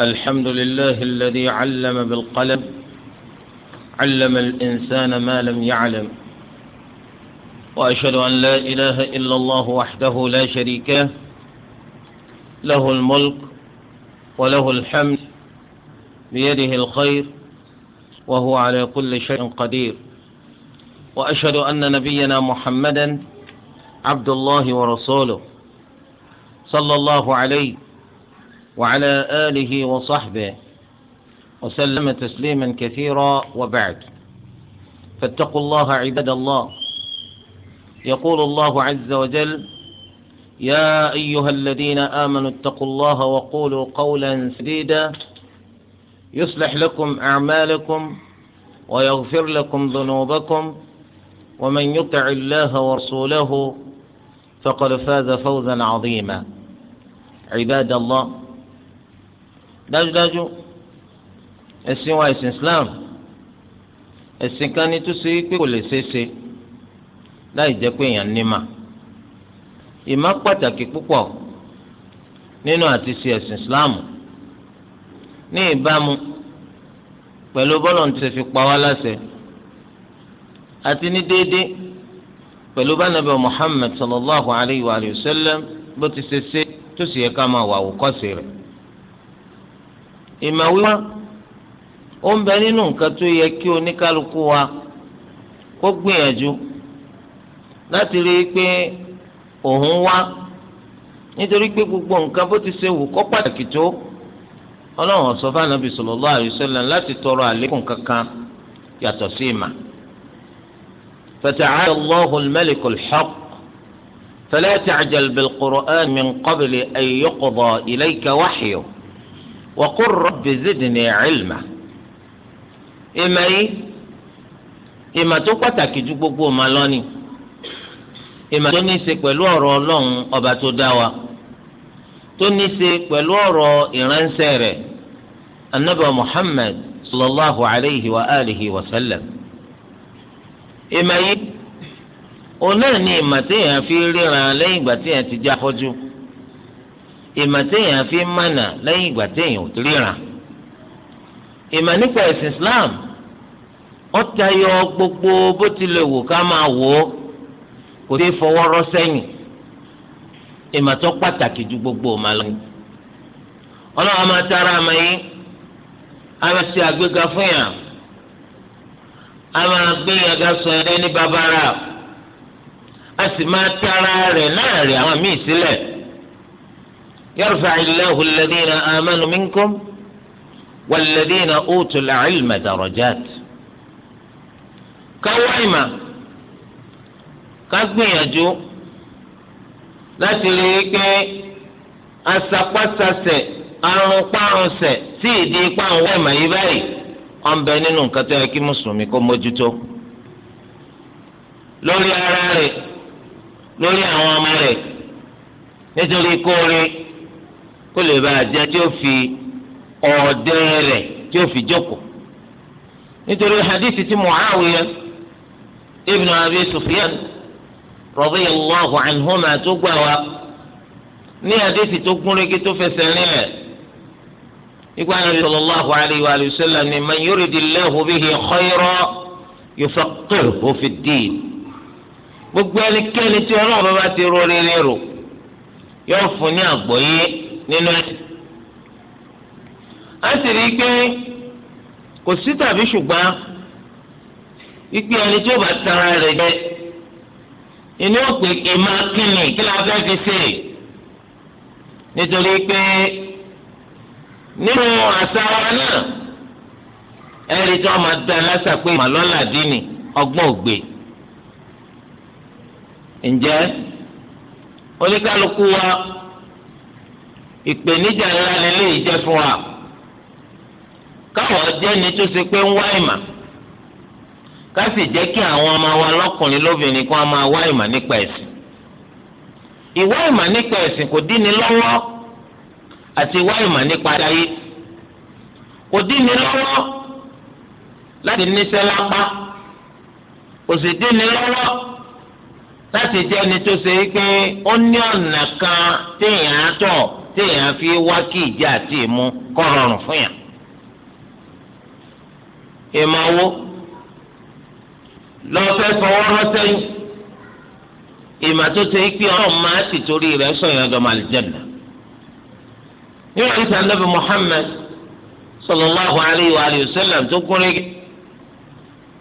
الحمد لله الذي علم بالقلم علم الإنسان ما لم يعلم وأشهد أن لا إله إلا الله وحده لا شريك له له الملك وله الحمد بيده الخير وهو على كل شيء قدير وأشهد أن نبينا محمدا عبد الله ورسوله صلى الله عليه وعلى آله وصحبه وسلم تسليما كثيرا وبعد فاتقوا الله عباد الله يقول الله عز وجل يا أيها الذين آمنوا اتقوا الله وقولوا قولا سديدا يصلح لكم أعمالكم ويغفر لكم ذنوبكم ومن يطع الله ورسوله فقد فاز فوزا عظيما عباد الله dájúdájú ẹ̀sìn wa ẹ̀sìn Islam ẹ̀sìn kan ní tó ṣe pé kò lè ṣeé ṣe láì jẹ́ pé èèyàn nímà ìmọ̀ pàtàkì púpọ̀ nínú àti ṣe ẹ̀sìn Islam ní ìbámu pẹ̀lú bọ́lọ̀ ní ṣe fi pa wá láṣẹ àti ní déédéé pẹ̀lú bá nàbẹ̀ Muhammad sallallahu alayhi wa sallam bó ti ṣe ṣe tó sì yẹ ká máa wà wò kọ́sì rẹ̀ ìmọ̀ wíwá ó ń bẹ nínú nǹkan tó yẹ kí oníkálukú wa kó gbìyànjú láti rí i pé òun wá nítorí pé gbogbo nǹkan bó ti ṣe wù kó pàtàkì tó ọlọ́run ọ̀sọ́ fànàbì sallallahu alaihi wasallam láti tọrọ àlékún kankan yàtọ̀ sí ìmà. فتعالى الله الملك الحق فلا تعجل بالقرآن من قبل أن يقضى إليك وحيه وقل رب زدني علما ìmọ̀ yìí ìmọ̀ tó pàtàkì ju gbogbo ìmọ̀ lọ ni ìmọ̀ tó ní í ṣe pẹ̀lú ọ̀rọ̀ ọlọ́run ọba tó dá wa tó ní í ṣe pẹ̀lú ọ̀rọ̀ ìránṣẹ́ rẹ̀ sallallahu alayhi wa alihi wa sallam ìmọ̀ yìí ni ìmọ̀ téèyàn fi ríran lẹ́yìn ìgbà téèyàn ti jẹ́ afọ́jú. ìmọ̀ téèyàn fi mànà lẹ́yìn ìgbà téèyàn ò ríran ìmọ̀ nípa ẹ̀sìn Islam ó tayọ gbogbo bó tilẹ̀ wò ká máa wò ó kò sí fọwọ́ rọ́ sẹ́yìn ìmọ̀ tó pàtàkì ju gbogbo ọ̀ma lọ. ọlọ́run máa tara àmọ́ yìí a máa ṣe àgbéga fún yàn a máa gbé yàn ga sọ a sì máa tara rẹ̀ àwọn يرفع الله الذين آمنوا منكم والذين أوتوا العلم درجات كوعما كاكبينجو láti rí i pé asapásasẹ̀ arúnpárùnsẹ̀ tí ìdí ipá ń wẹ̀ màyí báyìí ọ̀nbẹ nínú nǹkan tó yẹ kí mùsùlùmí kó mójútó lórí ara rẹ̀ lórí àwọn ọmọ rẹ̀ nítorí kóore kó lè bá a jẹ tí ó fi ọ̀ọ́dẹ rẹ̀ tí ó fi jókòó nítorí hadith ti Muawiya ibn Abi Sufyan radiyallahu anhuma tó gbà wá ní hadith tó gúnrégé tó fẹsẹ̀ rinlẹ̀ igba Nabi sallallahu alayhi wa sallam ni man yuridillahu bihi khayran yufaqqihhu fi gbogbo ẹnikẹ́ni tí ọlọ́run bá ti rọ rere rò yóò fún ní àgbọ́yé. nínú ẹ̀sìn. a sì rí i pé kò sí tàbí ṣùgbọ́n ìpè ẹni tí ó bá tara rẹ̀ jẹ inú òpè kì í kí la fẹ́ fi ṣe nítorí pé nínú àṣà náà ẹ̀rí tí wọ́n máa màlọ́là ọgbọ́n wa ìpèníjà ńlá lélẹ́yìí jẹ́ fún wa káwọn jẹ́ ni tó ṣe pé ń wá ìmà ká sì jẹ́ kí àwọn ọmọ wa lọ́kùnrin lóbìnrin kan máa wá ìmà nípa ẹ̀sìn ìwá ìmà nípa ẹ̀sìn kò dín ni lọ́wọ́ àti ìwá ìmà nípa ayé kò dín ni lọ́wọ́ láti níṣẹ́ lápá kò sì dín ni lọ́wọ́ láti jẹ́ ni tó ṣe pé ó kan ti á tọ̀ téèyàn fi wá kí ìjà àti ìmu kọ́ rọrùn fún yàn. ìmọ̀wó lọ́fẹ́ fọwọ́ rọ́ṣẹ́ yìí ìmọ̀ tó ṣe pé ọ̀rọ̀ máa ti torí rẹ̀ sọ̀yàn dọ̀mọ̀ àlìjẹ̀nà. nínú àdìsá nàbì Muhammad sallallahu alayhi wa alihi wa sallam tó kún régé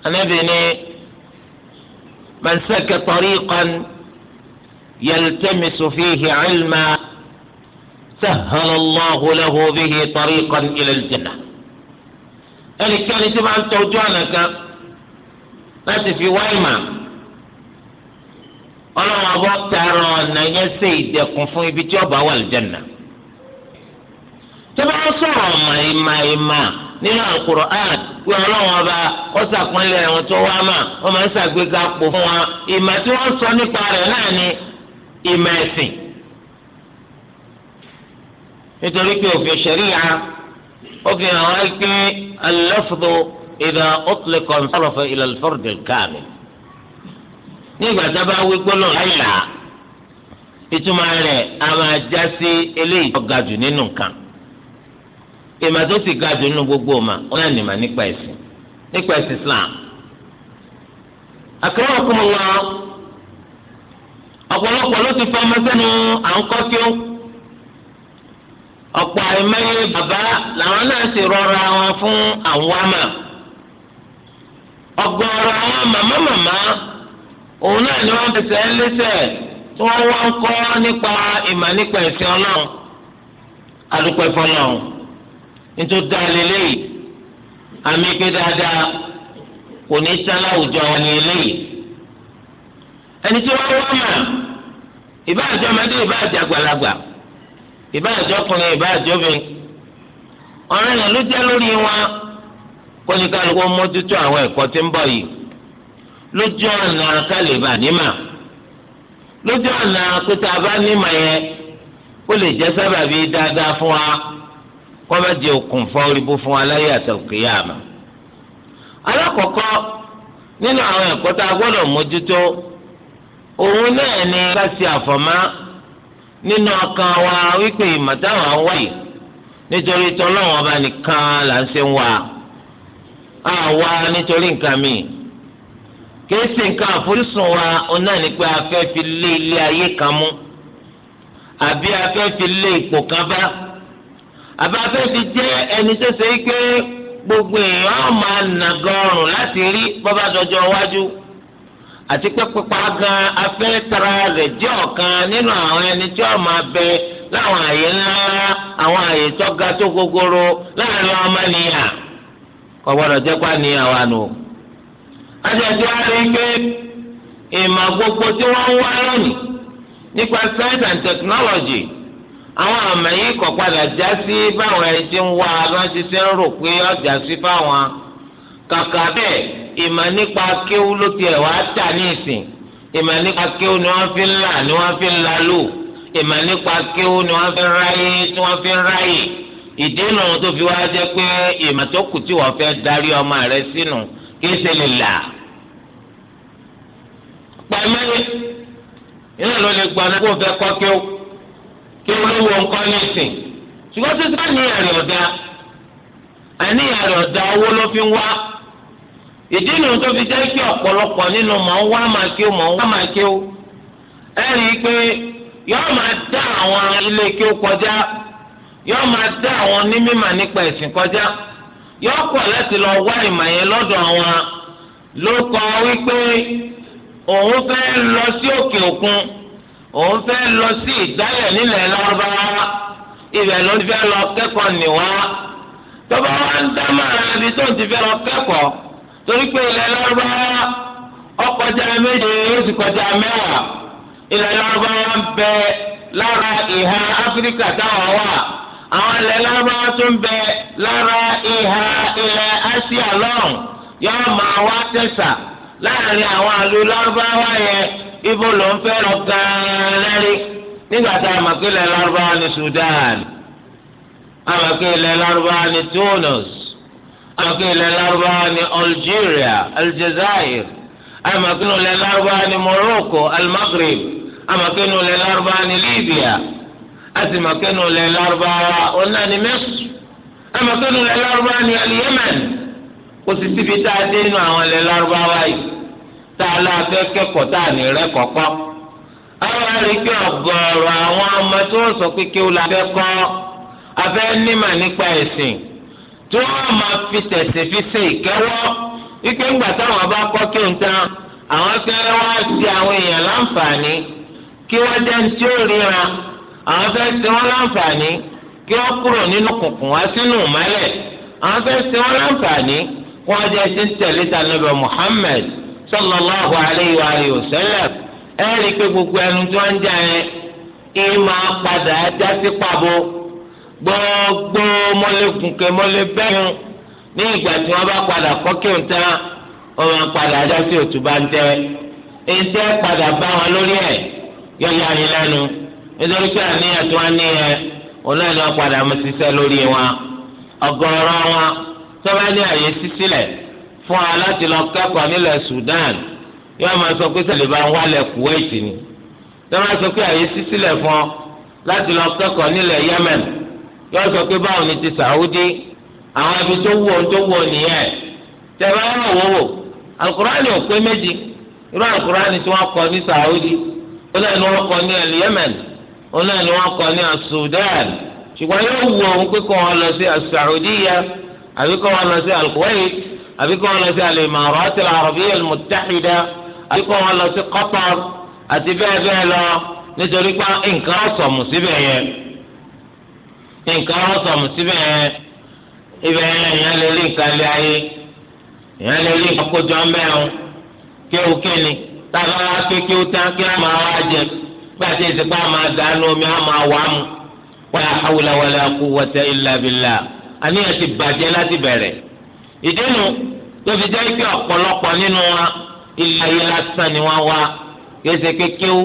anábì ni mẹ́sẹ̀kẹ́ tọ́rí tariqan yaltamisu fihi ẹ̀lmà. سهل الله له به طريقا إلى الجنة أنا كان fi wá ìmọ̀ ọlọ́run ọba ọ̀nà yẹn ṣe ìdẹ̀kùn fún ibi tí ọba wà lìjẹ̀nà tó bá sọ̀rọ̀ ọ̀mà ìmà ọba fún nítorí pé òfin ṣẹ̀ríya ó fi hàn wá pé al-lafzu idha utliqa insarafa nígbà tá a bá wí gbólóhùn láìlà ìtumọ̀ rẹ̀ a máa já sí eléyìí tó jù nínú nǹkan ìmọ̀ tó ga jù nínú gbogbo ọmọ wọn náà nìmọ̀ nípa ẹ̀sìn nípa ẹ̀sìn Islam akramakumullah ọ̀pọ̀lọpọ̀ ló ti fọ́ ọmọ sẹ́nu à ń kọ́ kí ó. ọ̀pọ̀ àìmọye bàbá làwọn náà sì rọra wọn fún àwọn àmà ọ̀gọ̀ọ̀rọ̀ àwọn màmá màmá òun náà ni wọ́n fẹsẹ̀ ń lẹ́sẹ̀ tí wọ́n wá ń kọ́ nípa ìmà nípa ẹ̀sìn ọlọ́run nítorí lélẹ́yìí àmì dáadáa kò ní ìbáàjọ́ ọkùnrin ìbáàjọ́ obìnrin ọ̀rẹ́ yẹn ló jẹ́ lórí wọn kó ní kálukú àwọn ẹ̀kọ́ tí ń bọ̀ yìí lójú ọ̀nà kálíbà nímà lójú ọ̀nà kúta bá nímà yẹn ó lè jẹ́ sábàbí dáadáa fún wa kó di fún wa láyé àmà. alákọ̀ọ́kọ́ nínú àwọn ẹ̀kọ́ tá a gbọ́dọ̀ òun náà ni ká ṣe àfọ̀mọ́ nínú ọkàn wa wípé ìmọ̀táwọn wáyé nítorí tọ́lọ́wọ́n ọba nìkan là ń ṣe ń wá nítorí nǹkan mi kìí si nǹkan àforísùn wa ọ̀nà ni pé a fẹ́ fi lé ilé ayé kan mú àbí a fẹ́ fi lé ipò kan bá a fẹ́ fi gbogbo èèyàn láti rí bọ́bá dọjọ́ àti pé pípa gan afẹ́ tara rẹ̀ jẹ́ ọ̀kan nínú àwọn ẹni tí ó máa bẹ láwọn àyè ńlá àwọn àyè tó tó gogoro láàrin ọmọnìyàn jẹ́ pa ní àwa nù. gbogbo tí wọ́n ń wá nípa science and technology àwọn àmọ̀ yìí padà já sí báwọn ẹni tí ń wá ìmọ̀ nípa kéwú ló tiẹ̀ wá tà ní ìsìn ìmọ̀ nípa kéwú ni wọ́n fi ń là ni wọ́n fi ń la lò ìmọ̀ nípa kéwú ni wọ́n fi ń ráyè tí wọ́n fi ń ráyè ìdènà tó fi wá jẹ́ pé ìmọ̀ tó kù tí wọ́n fẹ́ darí ọmọ rẹ sínú kì í ṣe lè là pàmẹ́lẹ́ iná ló lè gbọ́n kó fẹ́ kọ́ kéwú kí wọ́n wọ nǹkan ní ìsìn ṣùgbọ́n tó sáà ní ẹ̀rọ ọ̀dà àní ẹ̀rọ ọ̀dà owó ló fi ń wá ìdí nìyẹn tó fi jẹ́ kí ọ̀pọ̀lọpọ̀ nínú mọ̀ ń wá máa kí ó mọ̀ ń wá máa kí ó ẹ rí i pé yọ́ọ́ máa dá àwọn ilé kí ó kọjá yọ́ọ́ máa dá àwọn onímọ̀ nípa ẹ̀sìn kọjá yọ́ọ́ kọ̀ láti lọ wá ìmọ̀ yẹn lọ́dọ̀ àwọn ló kọ wípé òun fẹ́ lọ sí òkè òkun òun fẹ́ lọ sí ìdálẹ̀ nílẹ̀ lọ́wọ́báwá ibẹ̀ ló fẹ́ lọ kẹ́kọ̀ọ́ nìwá tọ́ba wa ń dá máa ibi torí pé ilẹ̀ lárúbáwá ọkọjá méje yóò sì kọjá mẹ́wàá ilẹ̀ lárúbáwá ń bẹ lára ìhà áfíríkà táwọn wà àwọn ilẹ̀ lárúbáwá tó ń bẹ lára ìhà ilẹ̀ asia lọ́rùn yóò máa wá tẹ̀sà láàrin àwọn àlù lárúbáwá yẹn ibo lọ ni Sudan a mọ̀ ni Tunis. àmọ̀kí ilẹ̀ lárúbáwá ní Algeria Aljazair àmọ̀kí ilẹ̀ lárúbáwá ní Morocco Almaghreb àmọ̀kí ilẹ̀ lárúbáwá ní Libya àtìmọ̀kí ilẹ̀ lárúbáwá ọ̀nà ní Misr àmọ̀kí ilẹ̀ lárúbáwá ní Yemen kò sì síbi tá a dé inú àwọn ilẹ̀ lárúbáwá yìí tá a lọ fẹ́ tá a ní rẹ́ kọ̀ọ̀kọ́ àwọn arìnkè ọ̀gọ̀ọ̀rọ̀ àwọn ọmọ tó sọ pé la fẹ́ kọ́ abẹ́ nímà nípa ẹ̀sìn tí wọ́n máa fi tẹ̀sẹ̀ fi ṣe ìkẹ́wọ́ wípé ńgbà táwọn bá kọ́ kí n tán àwọn fẹ́ wá sí àwọn èèyàn láǹfààní kí wọ́n jẹ́ ní tí ó ríra àwọn sí wọn láǹfààní kí wọ́n kúrò nínú wá sínú àwọn sí wọn láǹfààní kí wọ́n jẹ́ sí sallallahu alayhi wa alayhi i pé gbogbo ẹnu tí wọ́n ń mọ́lé gùnkè mọ́lé bẹ́yìn ní ìgbà tí wọ́n bá padà kọ́ kí n tán wọ́n máa padà ajá sí òtún bá ń tẹ́ padà bá wọn lórí ẹ̀ ya ni lẹ́nu nítorí pé àníyàn tí wọ́n ní ẹ òun náà ni wọ́n padà mú ṣiṣẹ́ lórí wọn wọn Sudan yóò máa sọ pé sẹ́lẹ̀ bá ń wálẹ̀ Kuwait ni tó bá sọ pé àyè sísílẹ̀ fún Yemen yóò sọ pé báwo ni ti sàwùdí àwọn ibi tó wù ọ́n tó wù ọ́ nìyẹn tẹ̀lé ọ̀rọ̀ wò wò alukurani ò pé méjì irú alukurani tí wọ́n kọ ní sàwùdí ó náà ni wọ́n kọ ní yemen ó náà ni wọ́n kọ ní sudan ṣùgbọ́n yóò wù ọ́n pé kó wọn lọ sí asàwùdíyà àbí kó wọn lọ sí alkuwait àbí kó wọn lọ sí alimarat al-arabiyya al àbí kó wọn lọ sí qatar àti bẹ́ẹ̀ bẹ́ẹ̀ lọ nítorí pé nǹkan ọ̀sọ̀ mùsíbẹ̀ yẹn nǹkan rọ́sọ̀mù síbẹ̀ yẹn ibẹ̀ yẹn èèyàn lè rí nǹkan lé ayé èèyàn lè rí nǹkan kójọ mẹ́rin kéwù kéènì táwọn ará ké kéwù tán kí wọ́n máa wá jẹ gbà tí èsì pa máa dànù omi á máa wà mú wala hawla wala quwwata illa billah àníyàn ti bàjẹ́ láti bẹ̀rẹ̀ ìdí tó fi jẹ́ pé ọ̀pọ̀lọpọ̀ nínú wa ilé ayé lásán ni wọ́n wá kí ẹsẹ̀ kékeré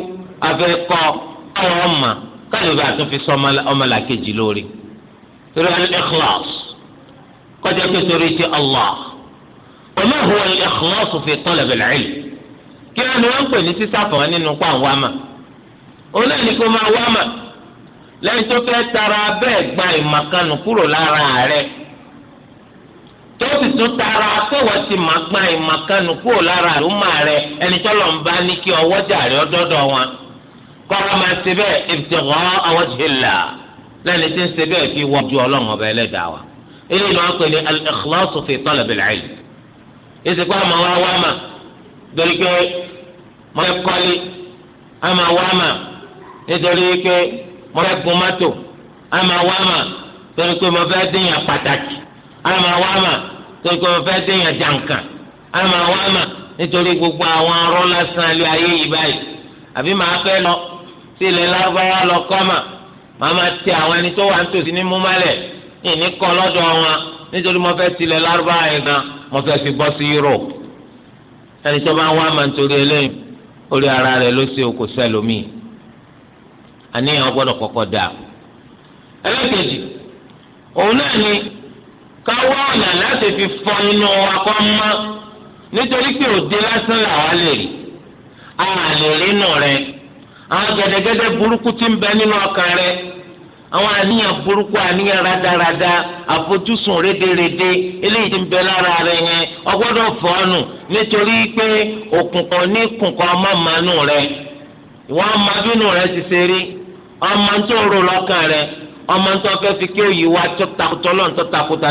afẹ́ kọ́ ọ̀rọ̀ mọ̀ káyọ̀ bá tún fi sọ ọmọlàkejì lórí torí al-ikhlas kọjá pé torí ti Allah wa ma huwa al-ikhlas fi talab al-ilm kí wọn ni wọn pè ní sísá fún wọn nínú pa àwọn àmà òun náà ní kó máa wá àmà lẹ́yìn tó fẹ́ tara bẹ́ẹ̀ gba ìmàkanu kúrò lára rẹ̀ tó sì tún tara pé wọ́n ti máa gba ìmàkanu kúrò lára rẹ̀ ẹni tó lọ́n bá ní kí ọwọ́ jàre ọdọ́dọ́ wọn kọ́ra máa ṣe bẹ́ẹ̀ ibtigha wajhillah lẹ́ni tí ń ṣe bẹ́ẹ̀ fi wọ́n ju ọlọ́run ọba ẹlẹ́dàá wa eléyìí ni wọ́n pè ní al-ikhlas fi talab al-ilm ìsìnkú àmọ́ wá wá mà torí pé mo fẹ́ kọ́lé àmọ́ wá mà nítorí pé mo fẹ́ gun mọ́tò àmọ́ wá mà torí pé mo fẹ́ dènyàn pàtàkì àmọ́ wá mà torí pé mo fẹ́ dènyàn jàǹkàn àmọ́ wá mà nítorí gbogbo àwọn arọ́ lásán ilé ayé yìí báyìí àbí màá fẹ́ lọ. sí ilẹ̀ lárúbáwá lọ ma màá máa ti àwọn ẹni tó wà nítòsí ní múmálẹ̀ ìní kọ́ lọ́dọ̀ wọn nítorí mo fẹ́ ti ilẹ̀ si yẹn gan mo fẹ́ fi bọ́ sí Europe ẹni tó bá wá eléyìí orí ara rẹ̀ ló ṣe okò sẹ́lómì àníyàn gbọ́dọ̀ kọ́kọ́ dà ẹlẹ́kẹ̀jì òun náà ni ọ̀nà láti fi fọ inú wa kọ́ mọ́ nítorí pé òde lásán a rí nù àwọn gẹ́dẹ́gẹ́dẹ́ burúkú ti ń bẹ nínú ọkàn rẹ àwọn àníyàn burúkú àníyàn radarada àfojúsùn rédèrèdè eléyìí ti ń bẹ lára rẹ yẹn ọgbọ́dọ̀ fọ́ọ̀nù nítorí pé òkùnkùn ní kùnkùn ọmọ màánù rẹ ìwọ́n ọmọ bínú rẹ ti ṣe rí ọmọ tó rò lọ́kàn rẹ ọmọ tó fẹ́ fi kí òyì wa tó lọ́n tó takùtà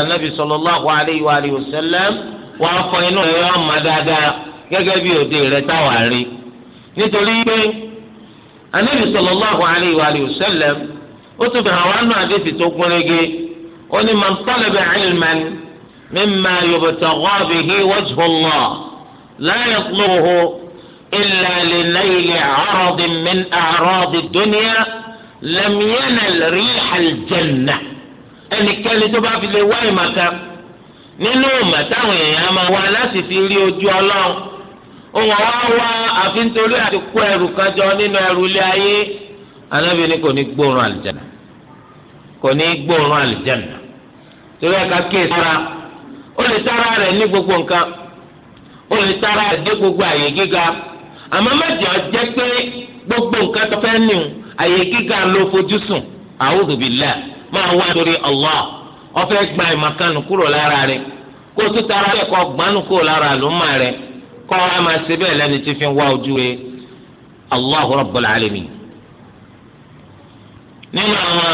wa inú ọmọ dáadáa gẹ́gẹ́ bí òde táwa anabi sallallahu alayhi wa alayhi wa sallam ó tún fi hàn wá nù àdéhùn tó gúnrégé ó ní man talaba ilman mimma yubtagha bihi wajhu Allah la yatlubuhu illa li nayli 'aradin min a'radi dunya lam yanal riha al-jannah ẹnikẹ́ni tó bá fi lè wá ìmàkà nínú ìmàkà èèyàn máa wá láti fi rí ojú ọlọ́run. òun wá wá àfi nítorí àti ẹrù kan nínú ẹrù ilé ayé anábì ni kò ní gbóòórùn àlìjáná kò ní gbóòórùn àlìjáná torí ẹ̀ka kí ìsara ó lè tara rẹ̀ ní gbogbo nǹkan ó lè tara rẹ̀ dé gbogbo àyè gíga àmọ́ mẹ́jọ jẹ́ pé gbogbo nǹkan tó fẹ́ nìyẹn àyè gíga ló fojú sùn a'udhu billah máa wá torí Allah ọ̀fẹ́ gba ìmọ̀kánu kúrò lára rẹ̀ kó tó tara rẹ̀ kọ́ gbanú kúrò lára ló má kọ́ ẹ máa ṣe bẹ́ẹ̀ lẹ́ni tí fi ń wá ojú ẹ Allahu Rabbul n'inu nínú àwọn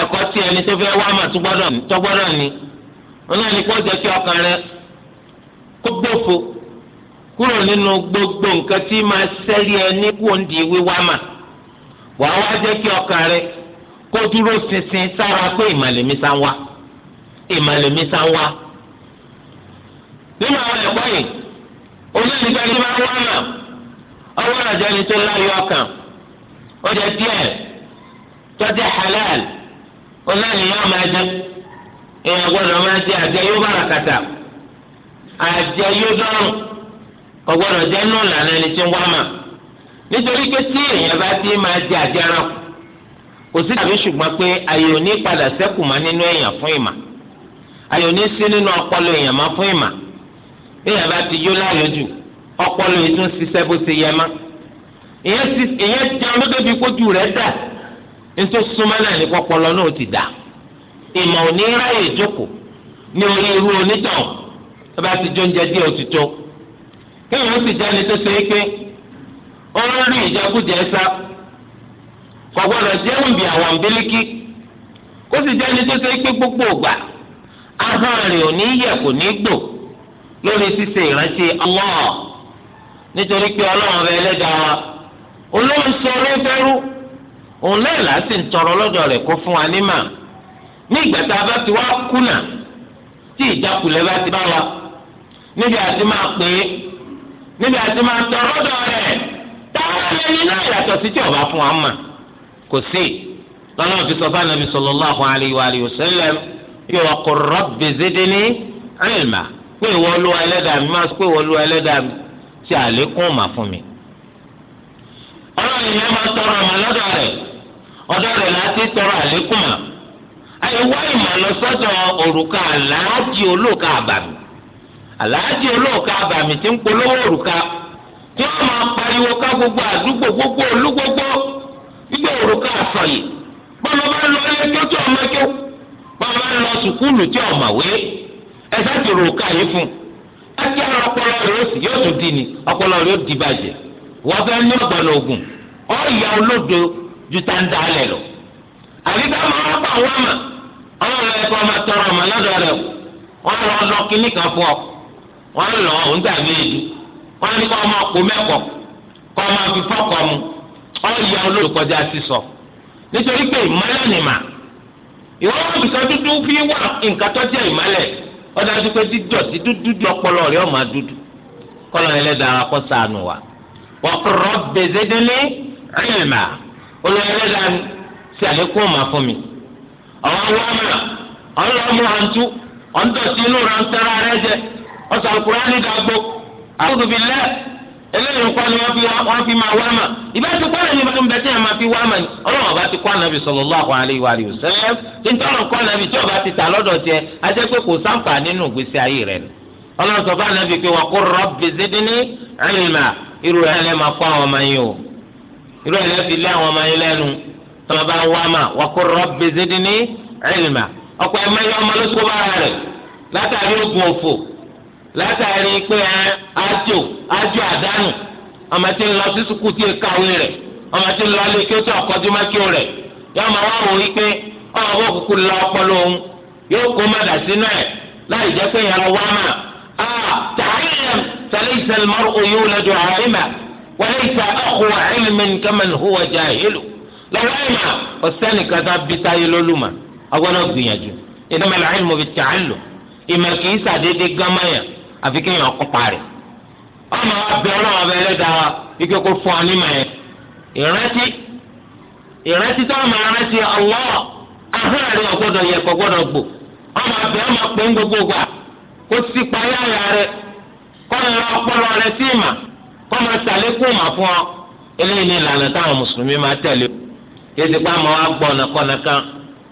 ẹ̀kọ́ tí ẹni tó fẹ́ wá mà tó gbọ́dọ̀ ni ọlọ́run ní kó jẹ́ kí ọkàn rẹ kó gbófo kúrò nínú gbogbo nǹkan tí máa ṣẹ́rí ẹni kúrò ń wíwá mà wá jẹ́ rẹ kó dúró ṣinṣin sára pé ìmàlẹ́mí nínú àwọn ẹ̀kọ́ yìí omi ìgbà tí wọ́n wá mà ọwọ́ àjọ ẹni tó láyọ̀ ọkàn ó jẹ díẹ̀ tọ́jú halal onáni máa jẹ gbọ́dọ̀ máa jẹ àjẹ yóò kàtà àjẹ yóò dọ́rùn ẹni tí mà nítorí pé tí èèyàn bá ti máa jẹ àjẹ ẹran kò sí tàbí ṣùgbọ́n pé àyè padà sẹ́kù má nínú èèyàn fún ìmà àyè sí nínú ọpọlọ èèyàn má fún ìmà. bẹ́ẹ̀ bá ti yó láàyò jù ọpọlọ yìí tún ṣiṣẹ́ bó ṣe yẹ má ìyẹn jẹun ló débi kójú rẹ dà náà ní pọpọlọ náà ti dà òní jókòó ní orí irú onítàn tó ti jó oúnjẹ díẹ̀ òtítọ́ kéèyàn sì jẹ́ni tó ṣe é pé ó ń rí ìjẹkújẹ sá kò àwọn kó sì gbogbo ògbà ahọ́n rẹ̀ kò lórí ṣíṣe ìrántí Allah nítorí pé ọlọ́run rẹ ẹlẹ́dàá wa olóhùn sọ̀rọ̀ ẹgbẹ́rú òun náà láti ń tọrọ lọ́dọ̀ rẹ̀ kó fún wa nímà ní ìgbà tá a bá ti wá kùnà tí ìjákulẹ̀ bá ti bá wa níbi àti máa pè é níbi àti máa tọrọ lọ́dọ̀ rẹ̀ táwọn ẹni náà yàtọ̀ sí tí ọba fún wa mà kò sí lọ́nà fi sọ fún anabi sallallahu alayhi wa sallam yóò wá qur rabbi zidni ilma. pé ìwọ olúwa ẹlẹ́dàá mi máa pé ìwọ olúwa ẹlẹ́dàá mi ṣe àlékún ọ̀mà fún mi. ọlọ́run yẹn máa tọrọ àmà lọ́dọ̀ rẹ̀ ọ̀dọ̀ láti tọrọ àlékún mà. àyẹ̀wò ìmọ̀ lọ sọ́dọ̀ òrùka aláàjì olóòka àbàmì aláàjì ti ń polówó òrùka tí wọ́n máa pariwo ká gbogbo àdúgbò gbogbo olú gbogbo gbígbé òrùka bọ́lá bá lọ ilé tó tó ọmọ ẹsẹ ti ká yìí fún ẹsẹ ọpọlọ rẹ yóò tún di ni ọpọlọ rẹ yóò di bàjẹ́ wọ́n fẹ́ ní ọ̀gbọ̀nà olódo ju tá alẹ̀ lọ. àbíká máa ń bà wọ́n mà tọrọ ọmọ lọ lọ kínní ọ lọ ní ọmọ mẹkọ ọmọ fi mu olódo kọjá nítorí ni mà wọn dúdú fi wà nǹkan tó ọdájú pé dídọ̀tí dúdú ọpọlọ rẹ̀ ọ̀ma dúdú kọ́lọ̀ ẹlẹ́dàá kọ́ sànù wa. wọ́kọ̀rọ̀ bèzédélé ẹ̀yẹ̀mà olóyè ẹlẹ́dàá sí àlékún ọ̀ma fún mi. ọ̀wọ́n wọ́n mọ̀ ọ̀nlọ́mú hàntú ọ̀ndọ̀tí inú rẹ̀ ń tẹ́ra rẹ̀ jẹ ọ̀sán kúránì dàgbò lẹ́ẹ̀ eléyìí ń kọ́ ni wọ́n fi wọ́n fi máa wá mà ìbá kọ́ ẹ̀ máa fi wá mà ni ọlọ́run ọba ti kọ́ ànábì sallallahu alaihi wa alihi wasallam tí tọ́lọ̀ kọ́ ànábì tí ọba ti tà lọ́dọ̀ tiẹ̀ ajẹ́ pé kò sáǹfà nínú ìgbésí ayé rẹ̀ ni ọlọ́run ànábì pé irú máa kọ́ àwọn ọmọ látàrí pé àjò àjò àdánù ọmọ tí ń lọ sí sukù tí ì kàwé rẹ̀ ọmọ tí ń lọ ilé kí ó tó ọkọjú mákìó rẹ̀ yóò máa wá wò wípé ọmọ bó kúkú lọ ọpọlọ òun yóò kó mọ̀dà sínú ẹ̀ láì jẹ́ pé ìyàrá wá mà á tààyàn tàlẹ́ ìsẹ̀lmọ́rù òyìnbó lọ́jọ́ àìmà wọlé ìsà ọkùnrin àìmì kẹ́mẹ́ni hùwà jà ìlú lọ́wọ́ àìmà ọ̀sẹ́ni àfi kéèyàn kún parí ọmọ abẹ ike fún ọ nímọ̀ yẹn ìrántí ìrántí tó ọmọ ìrántí ọwọ́ ahọ́nrẹ́ ọ̀gbọ́dọ̀ yẹ kọ́ gbò ọmọ abẹ ọmọ pé ń gbogbo gbà kó sì payá ara rẹ kọ́ lọ ọpọlọ rẹ sí ìmà sàlékún ìmà fún ọ eléyìí ni ìlànà táwọn mùsùlùmí máa tẹ̀lé pa àmọ́ wa gbọ́ ọ̀nà kan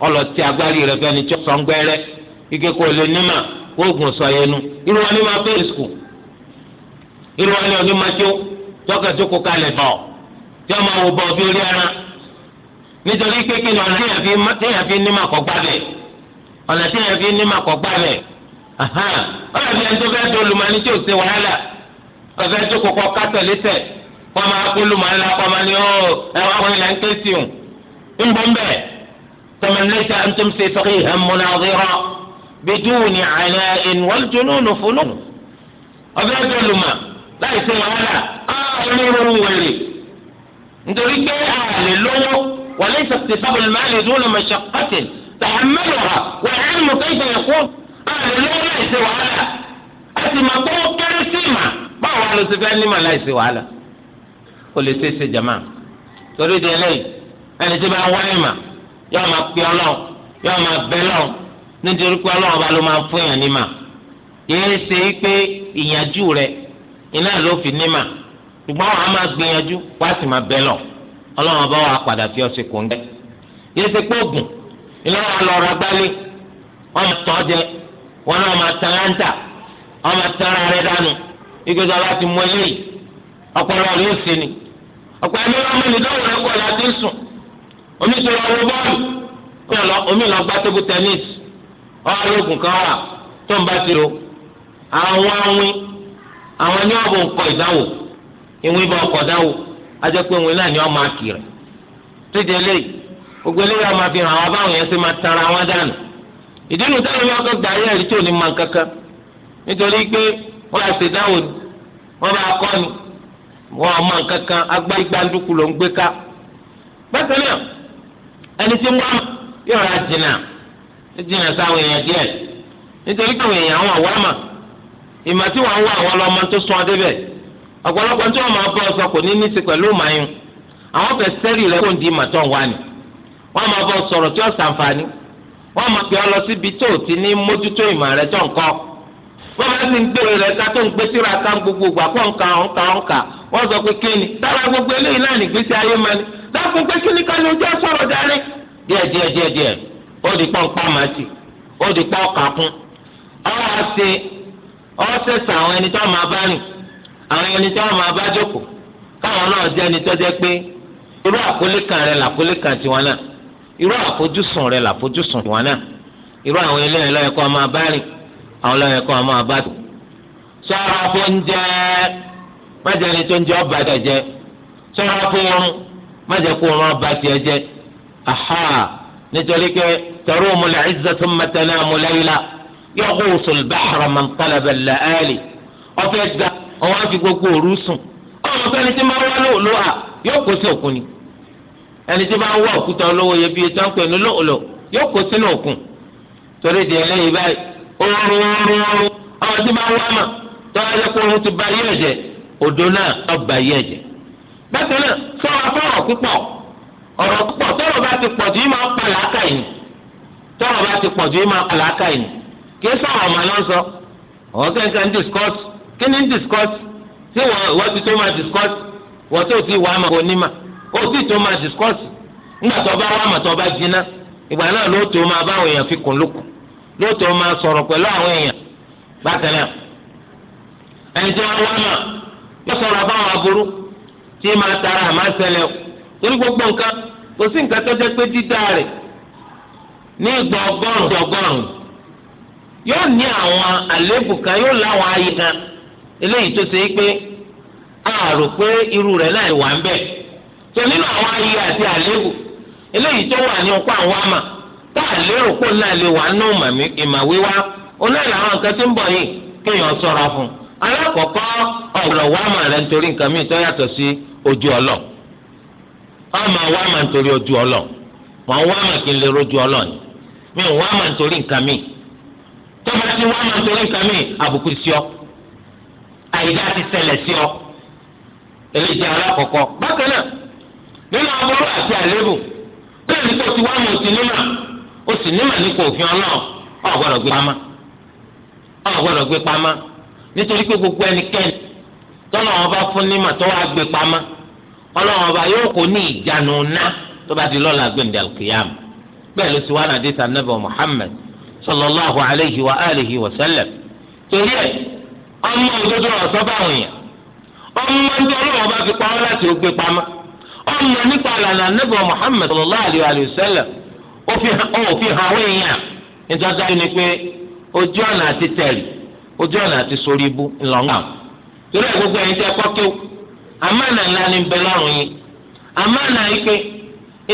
ọlọ́tí agbárí rẹ fẹ́ni tí ó sọ oògùn ọsọ yẹn nu ni ma pé ìsukù irú ni ọdún máa tó tọ́ka tó kó kalẹ̀ bọ̀ tí wọ́n máa wò bọ̀ bí orí ara nítorí kékeré ọ̀nà téèyàn fi ní màkọ́ gbàlẹ̀ ọ̀nà téèyàn fi ní màkọ́ ọ̀nà fẹ́ tó la kọ́ ní bidúni àlẹ ìwọlùjọ́nù fúnù ọbẹ̀ ẹgbẹ̀lùmọ̀ láì sí wàhálà ọlọ́run wẹ̀rẹ̀ nítorí pé àlè lówó wàlẹ́ ìsọ̀tì sábàlì máa lè dúró lọ́mọ ṣàkọ́tì tàhámẹ́lùwà wẹ̀rẹ̀ mú kẹ́kẹ́ ẹ̀kọ́ àlè lówó láì sí wàhálà a sì máa gbọ́ kéré sí ìmà báwo ló ti fẹ́ nímà láì sí wàhálà kò lè ṣe é ṣe jàmá torí délé ẹni tí bá wá ìmà yóò máa pè ọlọ́run yóò máa bẹ lọ́run nítorí pé ọlọ́run bá ló máa ya fún yàn nímà yéé ṣe pé ìyànjú rẹ iná ló fi nímà ṣùgbọ́n wàá máa gbìyànjú wàá sì máa bẹ́ lọ ọlọ́run bá padà fi ọ̀sẹ̀ kò ń dẹ́ yéé ṣe pé iná lọ ra náà máa tan áńtà ti mú ṣe ni ọ̀pọ̀ ẹni wọn mẹ́lẹ̀ ọ oògùn kan wà tó ń bá ti a àwọn awin àwọn awọn ọ̀bùn kọ ìdáwò ìwìn bá ọkọ̀ dáwò ajẹ́ pé ìwìn náà ni ọmọ akìrẹ̀ tíjẹ léyìí gbogbo eléyìí ọmọ fi hàn àwọn báwọn ya tara awọn dànù ìdí nu táwọn yẹn kọ́ gbà yẹ́ ẹ̀rí ẹni tí jìnnà sáwọn èèyàn díẹ̀ nítorí pé àwọn èèyàn àwọn àwọn àmà ìmọ̀ tí wọ́n ń wá àwọn ọlọ́mọ tó sún ọdẹ ọ̀pọ̀lọpọ̀ tí wọ́n máa ọ kò ní pẹ̀lú màáyún àwọn sẹ́rì kò di ìmọ̀ tó ń wá ni wọ́n máa bọ́ sọ̀rọ̀ tí ó lọ síbi tó ti ní mójútó ìmọ̀ rẹ tó ń kọ́ wọ́n máa ti ń gbé rẹ ká tó ka ó di pọ́n pàmàtì ó di pọ́n kàkún ọwọ́ ṣe ọwọ́ àwọn ẹni tó máa bá rìn àwọn ẹni tó máa bá jókòó káwọn náà jẹ́ ẹni tó jẹ́ pé irú tiwọn náà irú àfojúsùn làfojúsùn tiwọn náà irú àwọn máa bá rìn àwọn máa bá sọ́ra fún tó ń jẹ́ ọba sọ́ra ọba nítorí pé tarumu al-'izza thumma tanamu layla yaghusu al-bahra man talaba al-la'ali ọ̀fẹ́ ga ọ̀wọ́n fi gbogbo òru sùn ọ̀wọ́n fẹ́ni tí máa wá lóòló à yóò kó sí òkun ni ẹni tí máa wá òkúta olówó yẹ bí etí wọn pè ní lóòló yóò kó sínú òkun torí di ẹlẹ́yìí báyìí oorun oorun oorun ọ̀wọ́n tí máa wá mà tọ́lá jẹ́ kó oorun ti ba yí ẹ̀jẹ̀ òdo náà ọ̀ ba yí ẹ̀jẹ̀ bákan náà sọ ọ̀rọ̀ púpọ̀ tọ́rọ̀ bá ti pọ̀jù yìí máa ń palà ákà yìí tọ́rọ̀ bá ti pọ̀jù yìí máa ń palà ákà yìí kí sọ̀rọ̀ ọ̀mà lọ sọ ọ̀hún kẹ́kẹ́ ń discuss kí ni ń discuss tí wọ́n ti tó máa discuss wọ́n tó ti wà máa onímà ó sì tó máa discuss tó bá wà tó bá jiná ìgbà náà ló tó máa bá gbogbo kò sí nǹkan tó jẹ́ pé dídá rẹ̀ ní ìgbà ọgọ́rùn-ún ọgọ́rùn-ún yóò ní àwọn àléébù kan yóò láwọn ayé kan eléyìí tó ṣe é pé a rò pé irú rẹ̀ náà wà ń nínú àwọn ayé àti àléébù eléyìí tó ní ọkọ àwọn àmà tá a lérò pé náà lè wà nù ìmàwé wa oná làwọn nǹkan tó ń bọ̀ yìí kéèyàn ṣọ́ra fún un alákọ̀ọ́kọ́ ọ̀rọ̀ wàmà rẹ̀ nítorí nǹkan mìíràn tó yàtọ̀ wọn máa wá màá nítorí ojú ọlọ wọn wá màá kí n lè rojú ọlọ ni mi ò wá màá nítorí nǹkan mi tó ti wá màá nítorí nǹkan mi ọ àyíká ti ṣẹlẹ̀ sí ọ eléjì alákọ̀ọ́kọ́ bákan náà nínú aburú àti àlébù bẹ́ẹ̀ ni tó ti wá màá nímà gbọ́dọ̀ gbé pamá gbọ́dọ̀ gbé pamá nítorí pé gbogbo ẹnikẹ́ni tọ́nà wọn bá fún ọlọ́run ọba yóò kó ní ìjánu ná tó bá di lọ́la gbẹ̀ndẹ̀ alkiyam bẹ́ẹ̀ ló sì wá nàdí sànẹ́bà muhammed sallallahu alayhi wa alihi wa sallam torí ẹ̀ ọmọ òdodo ọ̀sọ́ báwọn yẹn ọmọ ní ọlọ́run ọba fi pamọ́ láti ògbé pamọ́ ọmọ nípa àlànà nẹ́bà muhammed sallallahu alayhi wa sallam ó hàn àwọn èèyàn nítorí dájú pé ojú ọ̀nà àti tẹ̀lé ojú ọ̀nà àti soríbu ńlọ́ngàn torí ẹ̀ gbogbo ẹ̀yin àmànà ńlá ni bẹ lọ́rùn yín àmànà ike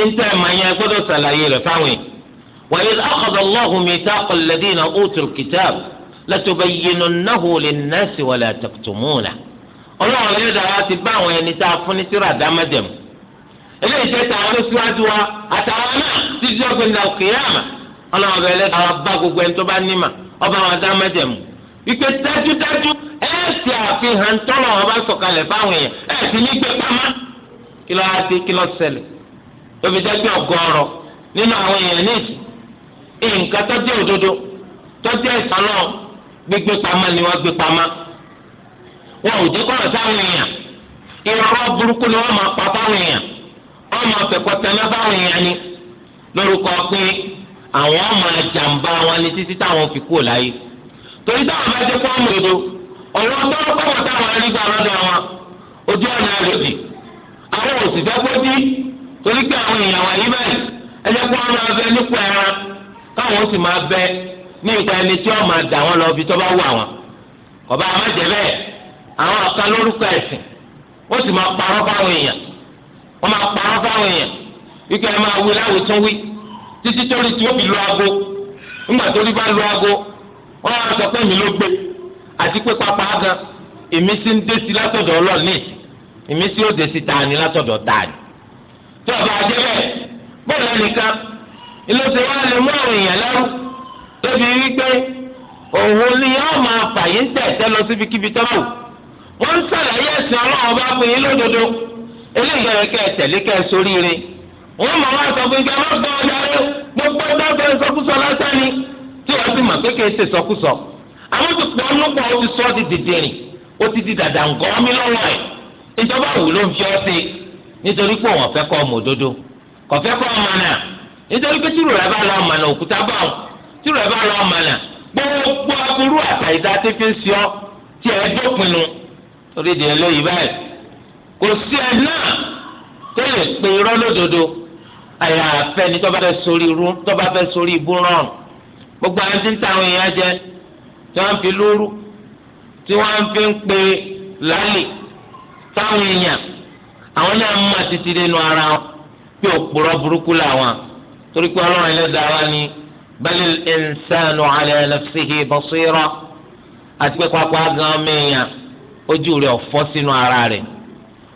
ńtẹ́ ẹ̀mà yẹn gbọ́dọ̀ sàlàyé rẹ̀ fáwọn yìí. wa idh akhadha Allahu mithaqa alladhina utul kitab latubayyinunnahu linnasi wa la taktumuna. ọlọ́run ẹlẹ́dàá ti bá àwọn ẹni tá a fún ní tíra dámẹ́jẹ̀mú. eléyìí tẹ́ tàwọn síwájú wa àtàwọn náà títí ọ̀gbìn náà kìí àmà ọlọ́run ẹlẹ́dàá bá gbogbo ẹni tó bá ní mà ọba àwọn dámẹ́jẹ̀mú. ìpè dájúdájú ẹ ti àfihàn tọ́lọ̀ wọn ọba sọ̀kalẹ̀ fáwọn èèyàn ẹ ti ní gbé pamọ́ kí ló á kí ló ṣẹlẹ̀ lóbi jẹ́ pé ọ̀gọ́rọ̀ nínú àwọn èèyàn níìsì nǹkan tọ́jú òdodo tọ́jú ẹ̀sán náà pamọ́ ni wọ́n gbé pamọ́ wọn ò jẹ́ kọ́rọ̀ sáwọn èèyàn ìrọ̀rọ̀ burúkú ni wọ́n máa pa fáwọn èèyàn wọ́n máa fẹ̀kọ́ tẹ́lẹ̀ fáwọn èèyàn ni lórúkọ torí táwọn bá ti kọ́ ọmọ èdò ọ̀rọ̀ ọgbọ́n kọ́kọ́ táwọn arígbà lọ́dọ̀ wọn ojú ọ̀nà àlòdì àwọn òṣìṣẹ́ gbódì torí pé àwọn èèyàn wà yí báyìí ẹjẹ́ kó wọn máa bẹ nípò ẹran káwọn ó sì máa bẹ ní ìgbà ẹni tí wọn máa dà wọn lọ bí tó bá wù àwọn ọba àwọn jẹ bẹ́ẹ̀ àwọn ọ̀kan lórúkọ ẹ̀sìn ó sì máa parọ́ fáwọn èèyàn wọ́n máa parọ́ fáwọn wọ́n wá sọ pé mi ló gbé àti pé pápá gan ìmísí ń dé sí látọ̀dọ̀ ọlọ́ọ̀ni ìmísí ó dé sí tani látọ̀dọ̀ tani tí ọba ajẹ́ bẹ́ẹ̀ bọ́ọ̀lù ẹnìkan ìlọsẹ̀ wa lè mú àwọn èèyàn lẹ́rú wípé òun ni yóò máa fàyè ń tẹ̀tẹ̀ lọ wọ́n ń sàlàyé ẹ̀sìn ọlọ́run bá pè é lódodo eléyìí kẹ́ tẹ̀lé kẹ́ wọ́n mọ̀ wá sọ fún ìjọba wọ́n sì mọ̀ pé kìí ṣe sọkúsọ àwọn tó pọ̀ ọlọ́pọ̀ ó ti sọ́ di dìdìrìn ó ti di dàdà ńkọ́ mi lọ́wọ́ ẹ̀ ìjọba wò ló ń fi ọ́ sí nítorí pé wọ́n fẹ́ kọ́ ọmọ òdodo kò fẹ́ kọ́ ọmọ náà nítorí pé tìrù rẹ̀ bá lọ ọmọ náà òkúta bá wọn tìrù rẹ̀ bá lọ ọmọ náà gbogbo aburú àtàyídá tí fi ń sọ tí ẹ dópinu torí di eléyìí báyìí kò sí ẹ náà tẹ́lẹ̀ pé irọ́ lódodo àyàfẹ́ ni tọ́ba fẹ́ sórí ibú rọrùn gbogbo àwọn tí ń ta àwọn èèyàn jẹ tí wọ́n fi lóru tí fi ń pe lálè táwọn èèyàn àwọn náà mú àtìtì nínú ara wọn pé òpùrọ́ burúkú làwọn torí pé wa ni balil insanu ala nafsihi basira àti pé pápá gan mẹ́yàn ojú rẹ̀ ọ̀fọ́ sínú ara rẹ̀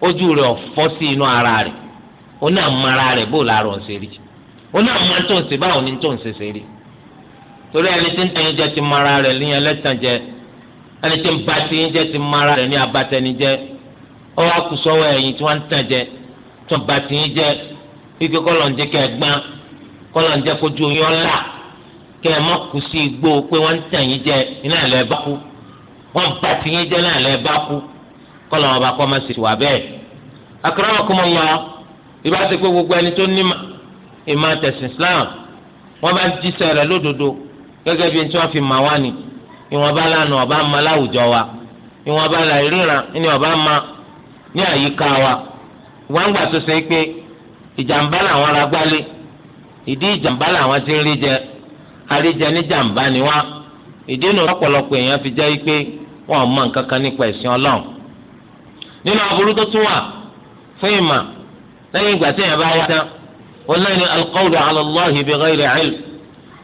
ojú rẹ̀ ọ̀fọ́ sí inú ara rẹ̀ ó náà ara re bó làárọ̀ ń ṣe rí ó náà mọ tó torí ẹni tí ń tẹ̀yìn jẹ́ ti mara rẹ̀ ní ẹlẹ́tàn jẹ́ ẹni tí ń ba jẹ́ ti mara rẹ̀ ní abatẹni jẹ́ ọwọ́ akusọ́wọ́ ẹ̀yìn tí wọ́n ń tàn jẹ́ ba jẹ́ ike kọ́lọ̀ ń jẹ́ kẹ́ ẹ gbọ́n kọ́lọ̀ ń jẹ́ kojú yín ọ̀la kẹ́ ẹ má sí igbó pé wọ́n ń tẹ̀yìn jẹ́ iná bá kú wọ́n ń ba jẹ́ iná bá kú kọ́lọ̀ wọn bá wọ́n bá ń gẹ́gẹ́ bí tí wọ́n fi mà wá ni ìwọ̀nba lànà ọba ma láwùjọ wa là wa tó pé ìjàmbá làwọn ìdí ìjàmbá làwọn ti ń rí jẹ àríjẹ ní jàmbá ni wá ìdí èèyàn fi jẹ́ pé mọ nǹkan kan nípa ẹ̀sìn ọlọ́run nínú aburú tó tún wà fún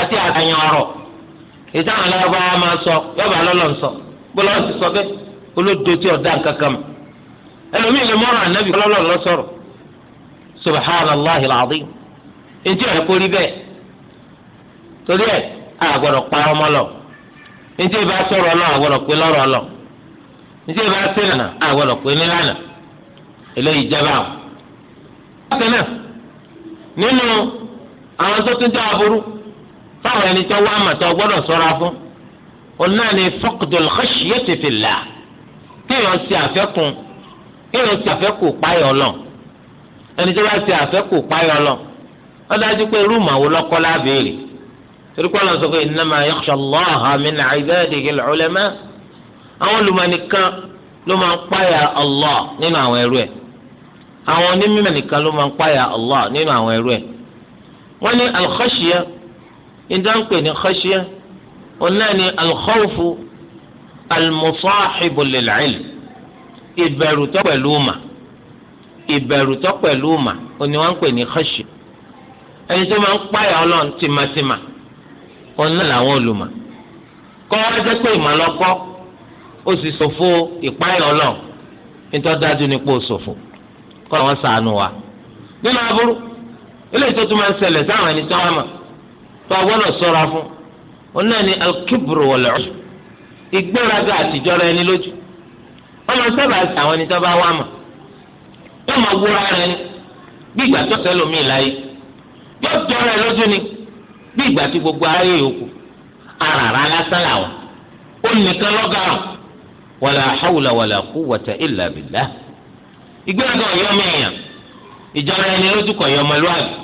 àti àtàyàn ọ̀rọ̀ ìtàn alábáwá máa sọ yọba lọlọ sọ bọlọ sì sọ bẹ́ẹ̀ olódo tí ọdá kankan mọ ẹlòmíì lè mọràn ànábì lọlọ lọ sọ̀rọ̀ subhanallahi ntí ẹ kórìí torí ẹ pa ọmọ lọ ntí ẹ bá sọ̀rọ̀ lọ àgbọ́dọ̀ pé lọ́rọ̀ lọ ntí ẹ bá sẹlẹnà àgbọ́dọ̀ pé nílànà eléyìí jẹba o. bákan náà nínú àwọn tó báwo ẹni tó wá àmàtọ gbọ́dọ̀ ṣọ́ra fún ọ̀nà ni faqdul khashyati fillah kéèyàn ṣe àfẹ́kùn kéèyàn ṣe àfẹ́kù páyọ̀ lọ ẹni tó bá ṣe àfẹ́kù páyọ̀ lọ ó dájú pé irú màwó lọ́kọ́ lábẹ́rẹ́ torí pé ọlọ́sọ pé innama yakhsha Allaha min ibadihi al-ulama àwọn olùmọ̀nìkan ló máa ń páyà Allah nínú àwọn ẹrú ẹ̀ àwọn onímọ̀ ló máa ń páyà Allah nínú àwọn ẹrú ẹ̀ wọ́n ní al ìdáǹpẹ̀ ní khashiya ọ̀nà ni alkhawfu almusaahibu lil'ilm ìbẹ̀rù tó pẹ̀lú mà ìbẹ̀rù tó pẹ̀lú mà òní wọ́n ń pè ní khashiya ẹni tó máa ń páyà ọlọ́run tìmátìmá ọ̀nà làwọn olùmọ̀ kọ́ ọ́ jẹ́ pé ìmọ̀lọ́kọ́ ó sì ṣòfò ìpáyà ọlọ́run nítorí dájú nípò ṣòfò kọ́ àwọn ṣàánú wa nínú aburú ilé ìtọ́tún ń ṣẹlẹ̀ sáwọn ẹni tó wá mọ̀ tó abụọ sọ́ra fún òun náà ni alkibru wal ujb ìgbéraga àtijọ́ rẹ ní lójú ọmọ sábà sí àwọn ẹni tó bá wà mà yóò máa wúra rẹ ni bí ìgbà tó sẹlómi láyé yóò tọ́ rẹ lójú ni bí ìgbà tí gbogbo yòókù arara lásán làwọn ìgbéraga ọ̀yọ́ ìjọba ẹni lójú kọ̀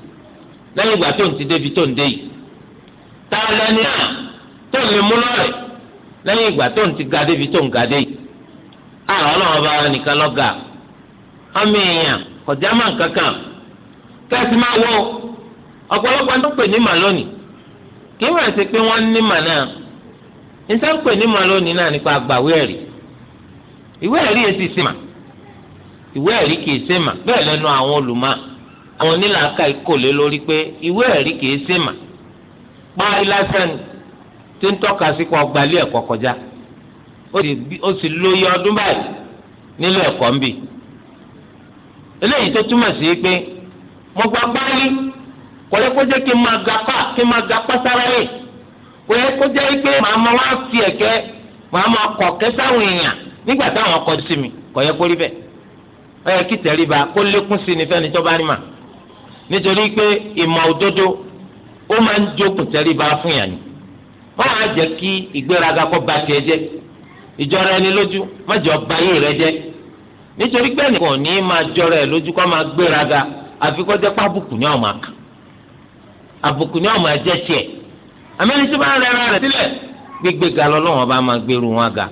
lẹ́yìn ìgbà tó ń ti débi tó ń dé yìí lẹ́ni náà tó ń lè mú lọ́rẹ̀ lẹ́yìn ìgbà tó ń ti ga débi tó ń ga dé yìí àwọn bá nìkan lọ́gà ọmọ èèyàn kọjá máa ń kankan kẹ́sì máa wọ ọ̀pọ̀lọpọ̀ tó pè ní lónìí kí wọ́n pé wọ́n ní náà ń pè ní lónìí náà nípa àgbàwé ẹ̀rí ìwé ẹ̀rí yẹn ti àwọn onílàákà ìkòlé lórí pé ìwé ẹ̀rí kìí ṣe mà páàrí lásán tí ń tọ́ka sí kó gbalẹ̀ ẹ̀kọ́ kọjá ó sì lóye ọdún báyìí nílé ẹ̀kọ́ ń bì eléyìí tó túmọ̀ sí pé mo gba páàrí kò kó jẹ́ kí n máa ga pa kí n máa ga pa sára yìí kó jẹ́ pé màá máa wá fi ẹ̀kẹ́ màá máa kọ̀ èèyàn nígbà táwọn sí mi nítorí pé ìmọ̀ òdodo ó máa ń jókòó tẹríba fún yàn ni wọ́n á jẹ́ kí ìgbéraga kó ba tiẹ̀ jẹ́ ìjọra ẹni lójú má jọ ba ayé rẹ jẹ́ nítorí pé ẹnì kan ní máa jọra ẹ lójú kó máa gbéraga àfi kó jẹ́ pé àbùkù ni àwọn máa àbùkù ni àwọn máa jẹ́ tiẹ̀ àmẹ́ni tí wọ́n rẹ ara rẹ̀ sílẹ̀ gbégbé ga lọ́wọ́ bá máa gbèrú wọn ga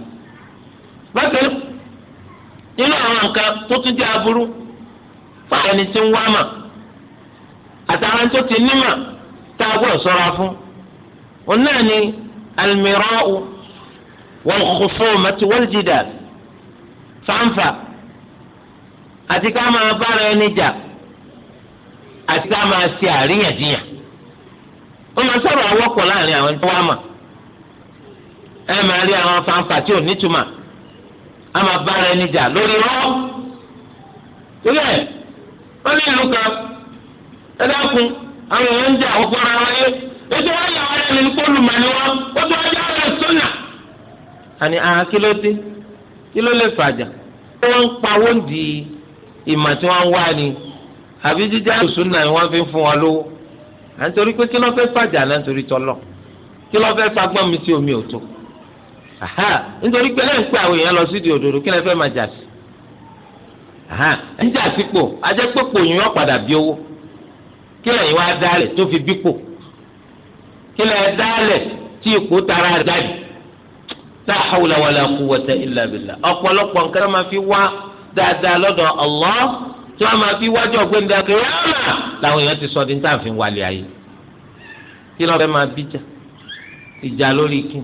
bákan nínú àwọn nǹkan tó tún jẹ́ aburú fáwọn ẹni tí ń wá mà àtàwọn tó ti nímọ̀ tá a gbọ́dọ̀ sọ́ra fún náà ni almirau wal khusumatu wal jidal fáńfà àti ká máa bára ẹni jà àti ká máa ṣe àríyànjiyàn wọ́n máa sọ̀rọ̀ àwọ̀pọ̀ láàrin àwọn tó wá mà ẹ máa rí àwọn fáńfà tí ò nítumọ̀ a máa bára ẹni jà ẹ dákun àwọn èèyàn ń jẹ àwọn fúnra wọn yé ètò wọn yà wọn kó ni wọn ó tó ọjà rẹ sọnà. àní àá kí ló dé kí ló lè fàjà wọn ń pawó di ìmọ̀ tí wọ́n ń wá ni àbí jíjá náà ni wọ́n fi ń fún wọn lówó mi sí omi òtó nítorí pé lẹ́yìn pé àwọn èèyàn lọ sídìí òdòdó kí fẹ́ máa jà sí ń jà sípò yìí kí lẹ́yìn wá dálẹ̀ tó fi bípò kí lẹ́yìn dálẹ̀ tí ipò tara dájú la hawla wala quwwata illa billah ọ̀pọ̀lọpọ̀ nǹkan máa fi wá dáadáa lọ́dọ̀ Allah tí wọ́n máa fi wájú ọ̀gbẹ́ni dàkẹ́ rárá làwọn èèyàn ti sọ di níta fi wálé ayé kí lọ́ọ́ fẹ́ máa bíjà ìjà lórí kí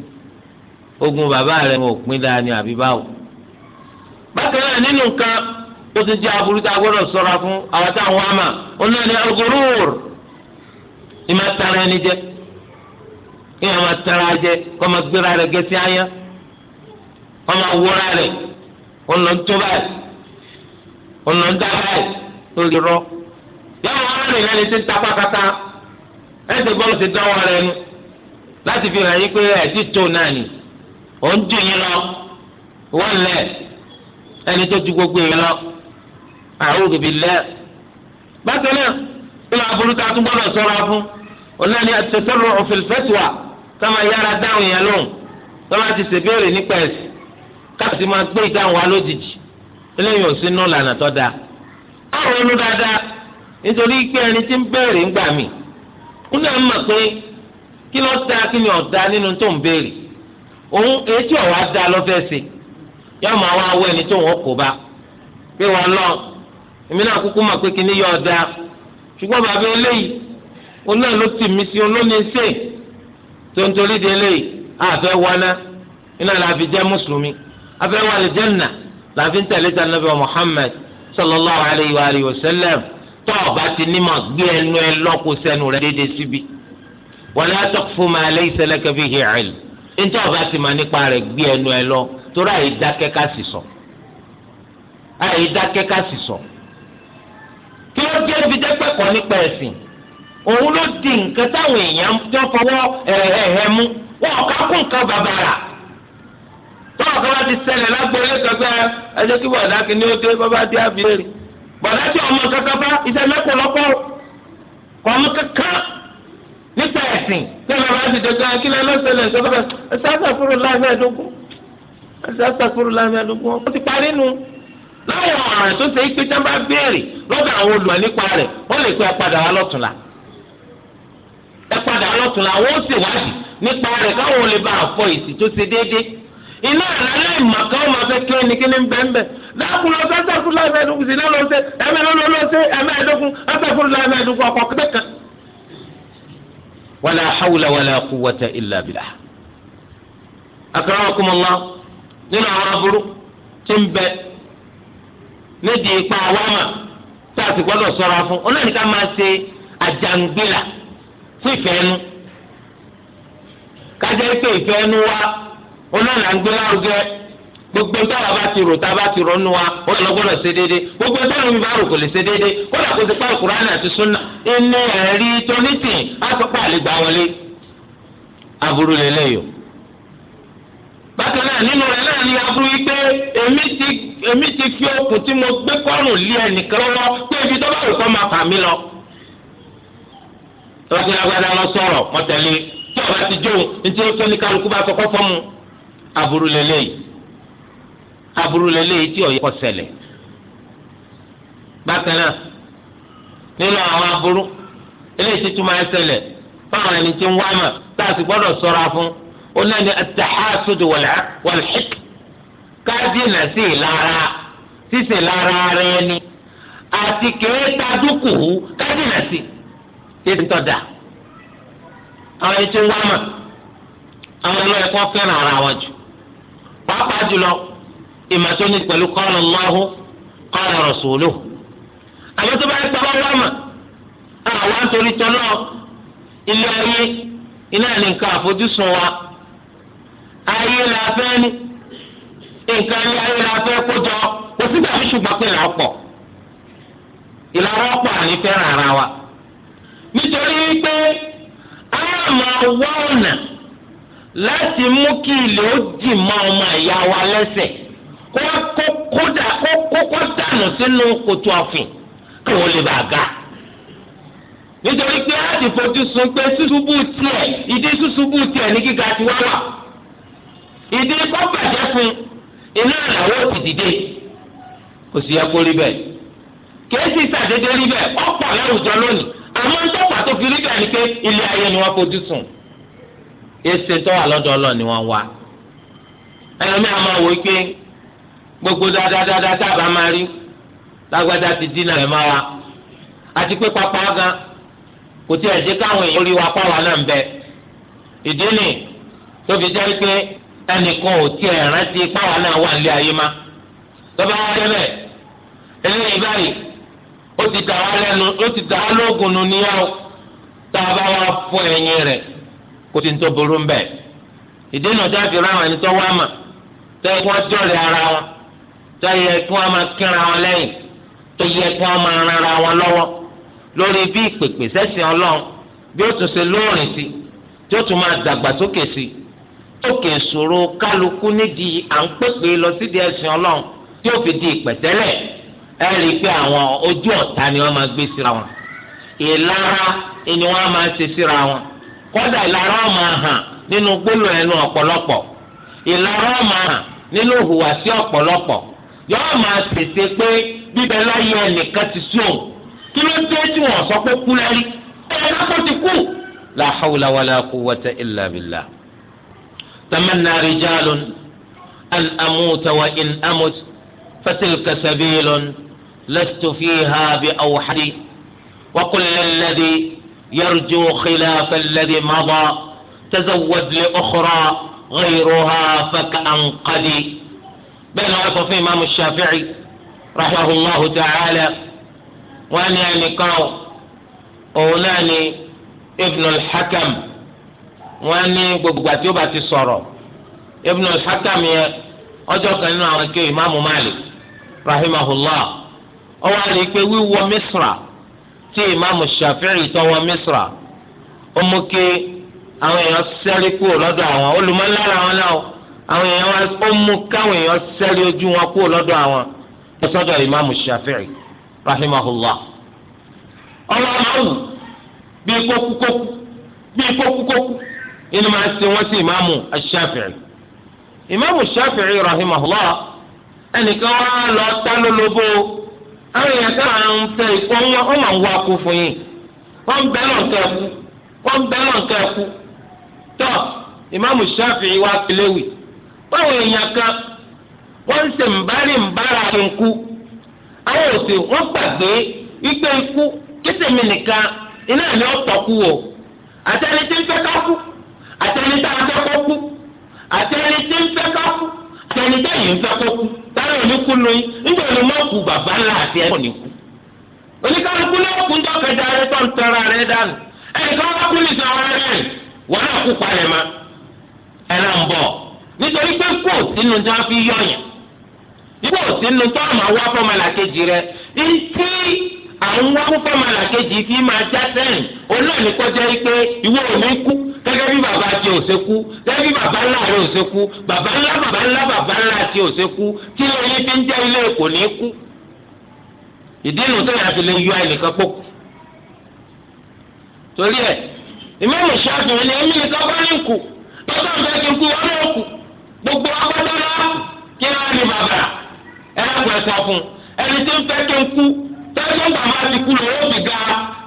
ogun bàbá rẹ̀ wọn ò dáa ni àbí báwo. bákan náà nínú nǹkan ó ti jẹ́ aburú tá a gbọ́dọ̀ sọ́ra fún àwọn táwọn wá mà ó náà ní al-ghurur ìmọ̀ tara ẹni jẹ ìyẹn máa tara jẹ kọ́ máa gbéra rẹ̀ gẹ́sí ayá kọ́ máa wúra rẹ̀ ó lọ ń tó báyìí ó lọ ń dá báyìí ó lè rọ yàrá wọn ń ta pátákà ẹsẹ̀ bọ́ọ̀lù ti dánwó rẹ̀ nu láti fi hàn yín pé ẹ̀ ti tó náà ni ó ń dùn yín lọ wọ́n lẹ̀ ẹni tó ju gbogbo yín a'udhu billah bákan náà nínú aburú tá a tún gbọ́dọ̀ sọ́ra fún ọ̀nà ni at-tasarru'u fil fatwa káma yára dáhùn yẹn lóhùn tọ́lá ti ṣèbéèrè nípa ẹ̀sìn káàsì máa gbé ìdáhùn wa lójijì eléyìí ò sí nù lànà tó dáa. àwọn ọ̀nù dáadáa nítorí pé ẹni tí ń béèrè ń gbà mí ó náà mọ̀ pé kí ló dáa kí ni ọ̀dá nínú tó ń béèrè òun etí ọ̀wá dáa lọ́fẹ́ sí yọ́ọ́ èmi náà kúkú mà pé kíní yọ ọ̀dà ṣùgbọ́n bàbá eléyìí olóò ló tì mí sí olóòní ṣe tontorí di eléyìí àfẹ́ wọná iná làfi jẹ́ mùsùlùmí afẹ́ wà lè làfi ń tẹ̀lé tànàbí Muhammad sallallahu alayhi wa alayhi wa sallam tó ti ní ma gbé ẹnu ẹ lọ́kù sẹ́nu rẹ déédéé síbi wala taqfu ma laysa laka bihi ilm ntọ́ ọba ti ma nípa rẹ̀ gbé ẹnu ẹ lọ torí àyè dákẹ́ dákẹ́ ká sì sọ kí ló jẹ́ ibi dẹ́pẹ̀kọ́ nípa ẹ̀sìn òun ló di nǹkan táwọn èèyàn tó fọwọ́ ẹ̀hẹ̀hẹ̀ mú wọn ò ká kún nǹkan bàbàrà tọ́wọ́ kan láti ṣẹlẹ̀ lágbóyè kẹfẹ́ ẹjẹ́ kí bọ̀dá kí ni ó dé bàbá dé àbílẹ̀ bọ̀dá tí ọmọ kankan bá iṣẹ́ mẹ́kùn lọ́pọ̀ ọmọ kankan nípa ẹ̀sìn tí bàbá ti dẹ̀kan kí lẹ́ lọ́sẹ̀lẹ̀ ṣọ́kọ́ ẹ̀sẹ̀ àṣàfúrú láwọn ọ̀ràn tó ṣe é pé tá a bá béèrè lọ́dọ̀ àwọn olùmọ̀ nípa rẹ̀ wọ́n lè pe ẹ padà wá lọ́tùnla ẹ padà wá lọ́tùnla àwọn nípa rẹ̀ káwọn ò bá àfọ èsì tó ṣe déédéé iná àlálẹ́ ọmọ fẹ́ kí ni kí ni bẹ́ẹ̀ dákun lọ sí ẹsẹ̀kùn láìpẹ́ ẹ̀dógún sí iná lọ sí ẹ̀mẹ́ ló lọ sí ẹ̀mẹ́ ẹ̀dógún ọkọ̀ kan. nídìí ipa wámà tá a sì gbọ́dọ̀ sọ́ra fún ọ náà ní máa ṣe àjàngbìlà fún ìfẹ́ kájẹ́ pé ìfẹ́ wa ọ náà là ń gbé gbogbo ń tọ́ra bá ti rò tá a bá ti rò nu wa ó lọ ṣe déédéé gbogbo ń tọ́ra mi bá rò kò lè ṣe déédéé kódà kó ti pa inú ẹ̀rí á àlè gbà wọlé aburú bákan náà nínú rẹ̀ náà ni aburú yìí pé èmi ti èmi ti fi okùn tí mo gbé kọ́rùn lé ẹnìkan lọ́wọ́ pé ibi tó bá wù kọ́ máa fà mí lọ. lọ́sí agbada lọ sọ̀rọ̀ mọ́tẹ́lẹ́ tí ọba ti jó ntí ó tó ní kálukú bá kọ́kọ́ fọ́ mu aburú lélẹ́yìí aburú lélẹ́yìí tí ọ̀yẹ́ kọ́ ṣẹlẹ̀. bákan náà nínú àwọn aburú eléyìí ti tún máa ṣẹlẹ̀ fáwọn ẹni tí ń wá mà tá a sì gbọ́dọ̀ ṣọ́ra fún onáni atahasudu wàlhik kájínà sí ìlara sísè ìlara rẹ ni àti kéétà dúkùú kájínà sí kéétà tọ́da àwọn ètò wámà àwọn ẹlọ́ ẹ̀kọ́ fẹ́ràn ara wọn jù pàápàá jùlọ ìmọ̀tóni pẹ̀lú qala Allahu qala rasuluhu àwọn tó bá yẹ kọ́ wámà àwọn àtòrí tọ́lọ́ ilé ayé iná ní nǹkan àfojúsùn wa ayé la fẹ́ ní nǹkan ní ayé la fẹ́ kójọ kò síbi àfi ṣùgbọ́n pé là ń pọ̀ ìlànà ọ̀pọ̀ àní fẹ́ràn ara wa nítorí pé a máa wá ọ̀nà láti mú kí ilé ó dì mọ́ ọmọ ìyá wa lẹ́sẹ̀ kó kódà kó kókó dànù sínú kòtò ọ̀fìn kí wọ́n lè bàa ga nítorí pé a fojú sun pé ṣùṣubú tiẹ̀ ìdí ṣùṣubú tiẹ̀ ní gíga tiwa wà. ìdí kọ́ bàjẹ́ fún iná ìràwọ̀ ti dìde kò sí ẹkọ rí bẹ́ẹ̀ kéésì sàdédé rí bẹ́ẹ̀ ọ̀pọ̀ láwùjọ lónìí àmọ́ ń tọ́pà tó fi rí bẹ́ẹ̀ ni pé ilé ayé ni wọ́n fojú sùn èsì tó wà lọ́dọ̀ ni wọ́n wá wò ó pé gbogbo dáadáa tábà máa rí lágbádá ti dínà rẹ̀ máa wa àti pé pápá gan kò tí ẹ̀ jẹ́ káwọn èèyàn rí wa pàwọn náà ń bẹ ìdí tó fi jẹ́ pé ẹnìkan ò tiẹ̀ rántí páwa náà wà nílé ayé má lọ́ba wa débẹ̀ eléyìí báyìí ó ti dà wá lẹ́nu ó ti dà wá lóògùn nù níyàwó tá a bá wá fún ẹ̀yìn rẹ̀ kó ti ń tó burú mbẹ̀ ìdènà tó a fi ra àwọn ẹni tó wá mà tó yẹ kí wọ́n jọ̀lẹ̀ ara wọn tó yẹ kí wọ́n máa kíra wọn lẹ́yìn tó yẹ kí wọ́n máa ran wọn lọ́wọ́ lórí bí ìpèpè sẹ́sìn ọlọ́run bí ó tún ṣe lóòrìn sí tí ó tún máa dàgbàsókè sí òkè ìṣòro kálukú nídìí à ń pèpè lọ sídìí ẹ̀sìn ọlọ́run tí ó fi di ìpẹ̀tẹ́lẹ̀ ẹ rí i pé àwọn ojú ọ̀tá ni wọ́n máa gbé síra wọn ìlara ni wọ́n máa ṣe síra wọn kódà ìlara máa hàn nínú gbólò ẹnu ọ̀pọ̀lọpọ̀ ìlara máa hàn nínú ìhùwàsí ọ̀pọ̀lọpọ̀ yóò máa tètè pé bíbẹ láyé ẹnìkan ti sùn kí ló dé tí wọ́n sọ pé kú lẹ́rí ẹ̀rọ kò ti kú. la hawla wala quwwata تمنى رجال أن أموت وإن أمت فتلك سبيل لست فيها بأوحد وقل للذي يرجو خلاف الذي مضى تزود لأخرى غيرها فكأنقدي بين وصف إمام الشافعي رحمه الله تعالى وأن يعني قال أولاني ابن الحكم wọ́n ní gbogbo àti ọba ti sọ̀rọ̀ ibùdó sákàmì yẹn ọjọ́ kan nínú àwọn akéwì Malik rahimahullah ọwọ́ àlè pé wíwọ Misra tí imáàmù Shafi'i tọwọ́ Misra ó mú kí àwọn èèyàn sẹ́rí kúrò lọ́dọ̀ àwọn olùmọ̀lára wọn náà àwọn èèyàn ó mú káwọn èèyàn sẹ́rí ojú wọn kúrò lọ́dọ̀ àwọn Shafi'i ọlọ́run bí bí inú máa ń wọ́n sí ìmáàmù Shafi'i ìmáàmù Shafi'i rahimahullah ẹnìkan wá lọ tá lólobó àwọn èèyàn tá ń fẹ́ ikú wọn wọ́n máa ń wá kú fún yín wọ́n ń ẹ̀kú wọ́n ń ẹ̀kú tọ́ ìmáàmù Shafi'i wá pélewì báwo èèyàn kan wọ́n ń sè ńbárì ńbára nkú àwọn òsè àtẹni tá a fẹ́ kó kú àtẹni tí ń fẹ́ ká kú àtẹni tá yìí ń fẹ́ kó kú táwọn òní kú lóyún nígbà òní mọ́ kú bàbá ńlá àti ẹ̀kọ́ ní kú. oníkálukú náà kú kẹjà rẹ tó ń rẹ dànù wá kú rẹ̀ náà kú palẹ̀ ma ẹ̀rọ ń bọ̀ nítorí pé kú òsínú tí wọ́n fi yọ̀yàn kú òsínú tó wá gẹ́gẹ́ bí bàbá tí ò ṣekú gẹ́gẹ́ bí bàbá ńlá rẹ̀ ò ṣekú bàbá ńlá bàbá ńlá bàbá ńlá tí ò ṣekú tí lóyún ti ń jẹ́ ilé kò ní kú ìdí nu tó yàtọ̀ lè yọ ẹnìkan pọ̀kù torí ẹ̀ ìmọ̀mù ṣáàtùn ni èmi nìkan bá ní kù lọ́sọ̀ ń fẹ́ kí n kú wọn náà kù gbogbo agbọ́dọ́dọ́ kí wọ́n ní bàbà ẹ̀rọ ẹ̀sọ̀ fún ẹni tó ń fẹ́ kí n kú tẹ́lẹ̀ tó ń bàbá ti kú lọ́wọ́ bìgá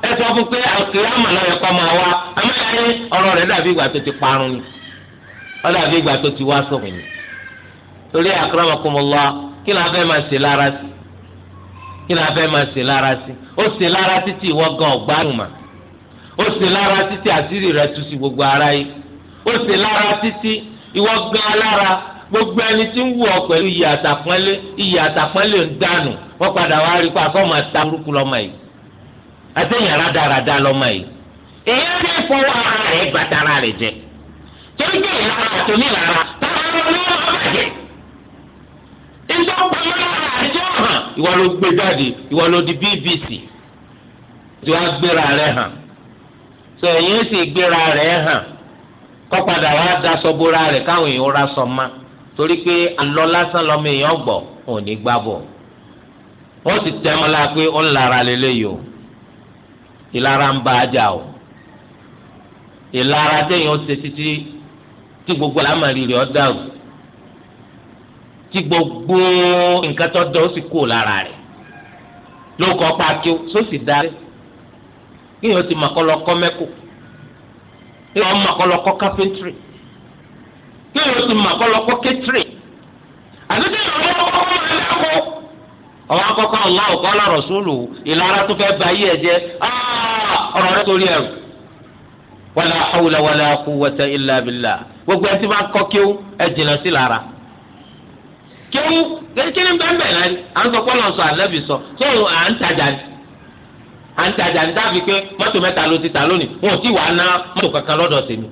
ẹ̀sọ̀ fún pé àkìlámà náà yẹ kọ́ máa wá àmọ́ ọ̀rọ̀ rẹ̀ dàbí ìgbà tó ti parun ni ó dàbí ìgbà tó ti wá sófin ni torí akramakumullah kí ni a fẹ́ máa ṣe lára sí kí ni a fẹ́ máa ṣe lára sí ó ṣe lára títí ìwọ gan ọ̀gbárùn mà ó ṣe lára títí àṣírí rẹ̀ tú sí gbogbo ara yìí ó ṣe lára títí ìwọ gan lára gbogbo ẹni tí ń wù ọ pẹ̀lú iyì àtàpọ́nlé iyì àtàpọ́nlé ń dànù wọ́n padà wá rí pa fọ́ọ̀mù àtàkùrúkú lọ́mọ yìí àtẹ̀yìn àràdàràdà lọ́mọ yìí èyí ti fọwọ́ ara rẹ̀ bàtà ara rẹ̀ jẹ torí pé ìlara àti onílara táwọn ọmọ bàjẹ́ ìjọ lára hàn ló gbé jáde BBC tí wàá gbéra hàn sọ èyí sì gbéra hàn wàá daṣọ bóra rẹ̀ káwọn èèyàn ra sọ ma torí pé lásán èèyàn wọ́n pé ó ń o ìlara ń o. ìlara téèyàn ó ṣe títí tí gbogbo àlámọ̀rí rẹ̀ ọ́ dàrú tí gbogbo nǹkan tó dọ̀ ó sì kú lára rẹ̀ ló kọ́ darí kéèyàn ti màkọ́lọ́kọ́ mẹ́kù kéèyàn màkọ́lọ́kọ́ kápẹ́ntìrì kéèyàn ti màkọ́lọ́kọ́ kẹ́tìrì àti kéèyàn mọ́kọ́lọ́kọ́ mẹ́kù ọ̀wọ́n akọ́kọ́ ọ̀la ọ̀kọ́ ọ̀la rọ̀ sólù ìlara tó fẹ́ wala hawla wala quwwata illa billah gbogbo ẹtí bá kọ́ kíw ẹ jìnnà sí lára kíw kíni bẹ́ẹ̀ bẹ́ẹ̀ náà à ń sọ pé ọlọ́sọ ànábì sọ sóyún à ń tajà ní à ń tajà ní dábìí pé mọ́tò mẹ́ta ló ti tà lónìí wọn ò tí wàá ná mọ́tò kankan lọ́dọ̀ tèmi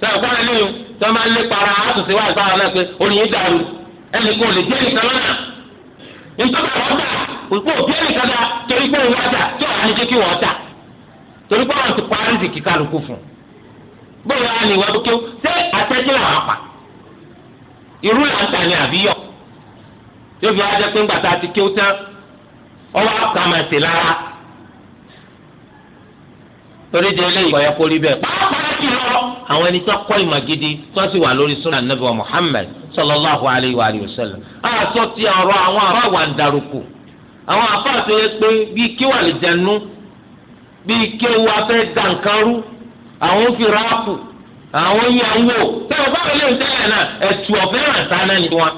sọ̀rọ̀ fún ẹni yìí tí wọ́n máa lé para àtúnṣe wà sára náà pé oníyìn dàrú ẹnì kan ò lè jẹ́ nìkan lọ́nà nítorí ọ̀gá òkú òbí ẹnìkan torí pé wọn ti pa áńdì kíkà lóko fún bóyá wà ní ìwà lókè ṣé àtẹ́jú làwọn pa irú là ń ta ni àbí yọ yóò fi wá jẹ́ pé ńgbà tá a ti kí ó tán ọwọ́ àpá máa tè lára torí jẹ́ eléyìí kọ̀yẹ́ kórí bẹ́ẹ̀ pàápàá jù lọ àwọn ẹni tó kọ́ ìmọ̀ gidi tó sì wà lórí sunan nabi wa Muhammad sallallahu alayhi wa alihi wa sallam àṣọ ti ọ̀rọ̀ àwọn àbá wà ń darúkú àwọn àbá tó yẹ bíi kí jẹnu bíi kéwu afẹ́ dankaru àwọn fi ráàpù àwọn yẹn wò báwo lè tẹ́lẹ̀ náà ẹ̀tù ọ̀fẹ́ràn náà ni wọn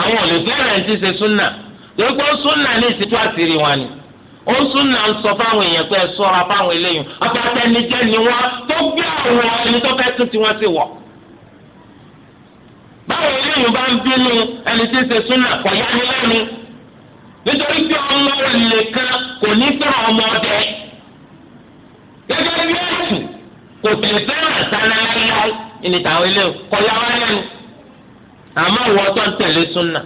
àwọn ò fẹ́ràn ti ṣe súnà súnà ní ìsìtú àṣírí ni ó súnà ń sọ fáwọn èèyàn pé ẹ fáwọn eléyìí ni wọn tó gbé àwọn ẹni tó fẹ́ tún tiwọn sí wọ̀ báwo eléyìí bá ń bínú ẹni tí ń ṣe súnà kọ̀ yá ni lẹ́nu nítorí pé gẹ́gẹ́ bí ẹ̀sùn kò sì fẹ́ràn sáná láíláí ìní tàwọn ilé kọjá wá lẹ́nu àmọ́ ìwọ tó ń tẹ̀lé súnà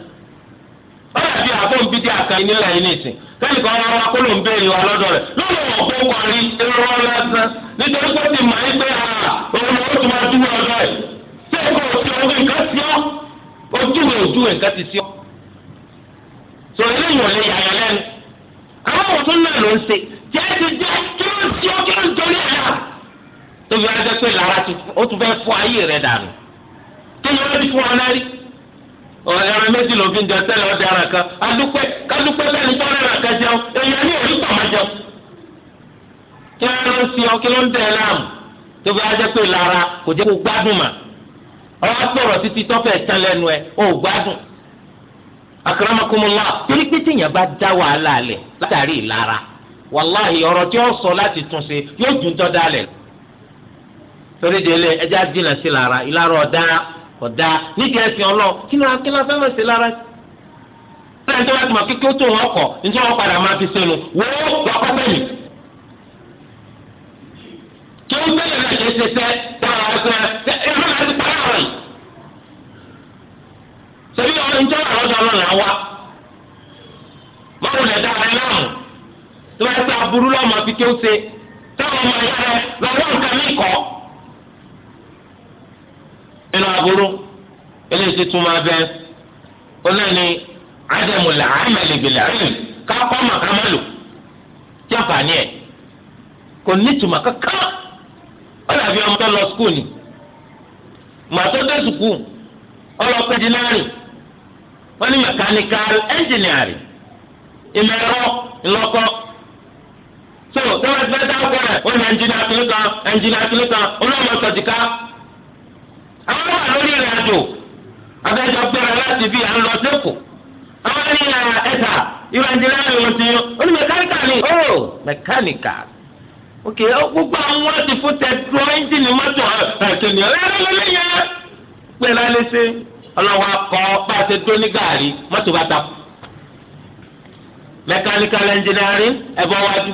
ó yà bí àbọ̀ ń bídí àkàrí nílẹ̀ yìí nìsín kẹ́lí kan wá wá kó ló ń béèrè wa lọ́dọ̀ rẹ̀ lọ́wọ́ ọ̀gbọ́n wà rí irọ́ lásán nítorí pé ti mà ń gbé ara òun ló tún máa dúró ọ̀dọ̀ rẹ̀ tí ẹ̀kọ́ òsì ọ̀gbìn nǹkan sí ọ́ ojú rẹ̀ ojú rẹ̀ nǹkan ti sí ọ́ sọ eléyìí ò yàyà lẹ́nu àwọn òtún náà ló ń ṣe tí ẹ ti tóbi ajẹ́ pé lára ó tún fẹ́ fọ́ ayé rẹ̀ dànù kéèyàn ló ti fún ọ náà rí ẹran méjì ló fi ń jẹ sẹ́lẹ̀ ọ̀dẹ ara kan adúpẹ́ kádúpẹ́ bẹ́ẹ̀ ni tọ́lá ara kan jẹun èèyàn ní òní tọ̀ máa jẹun kí ló ń fi ọ kí ló ń tẹ̀ láàmù tóbi ajẹ́ pé lára kò jẹ́ kó gbádùn mà ọ̀rọ̀ sọ̀rọ̀ títí tọ́fẹ̀ tán lẹ́nu ẹ̀ ó gbádùn akaramakumula torí pé téèyàn bá dá wàhálà lẹ̀ látàrí ìlara wàláhì ọ̀rọ̀ tí ó sọ láti túnṣe yóò dùn tọ́ dálẹ̀ lọ torí délé ẹja dínà sí lára ìlara ọ̀dá ọ̀dá nídìí ẹ̀sìn ọlọ́ kí ló kí fẹ́ mọ̀ sí lára bẹ́ẹ̀ ti mọ̀ kí kí ó tó wọn kọ̀ wọn padà máa fi sẹ́nu wọ́n lọ́kọ́ bẹ́yìn kí ó bẹ́yìn náà ṣe ṣe sẹ́ dára ń báwo ti sọ aburú lọ́mọ fi kí ó ṣe lọ́wọ́ nǹkan nínú aburú eléyìí tuntun máa bẹ ó náà ni ádámù làámẹ̀lì bìlà ẹ̀mí kákọ́ mà ká má lò tí a fà ní ẹ̀ kò ní tùmọ̀ kankan ó dàbí ọmọ tó lọ skul ni màtó dé sukùl ọlọ́pẹ́ di náà rìn mechanical engineering ìmọ̀ ẹ̀rọ ńlọ́kọ́ so tẹ́wọ́n dáwọ́ kọ́ rẹ̀ àwọn wà lórí ìrìn àjò abẹ́jọ gbéra láti fi à lọ sẹ́kù àwọn ní ẹ̀sà ìwà ìdílé ààrẹ wọn ti ó ní mẹkáníkà ni ó mẹkáníkà ok gbogbo àwọn ti fún tẹ̀tọ́ ẹ́ńjìnì mọ́tò ẹ̀kẹ́ni ọ̀rẹ́rẹ́lẹ́yẹ pẹ̀lú alẹ́sẹ̀ ọlọ́wọ́ akọ bá tó ní gàárì mọ́tò bá ta mẹkáníkà ẹ̀bọ̀ wájú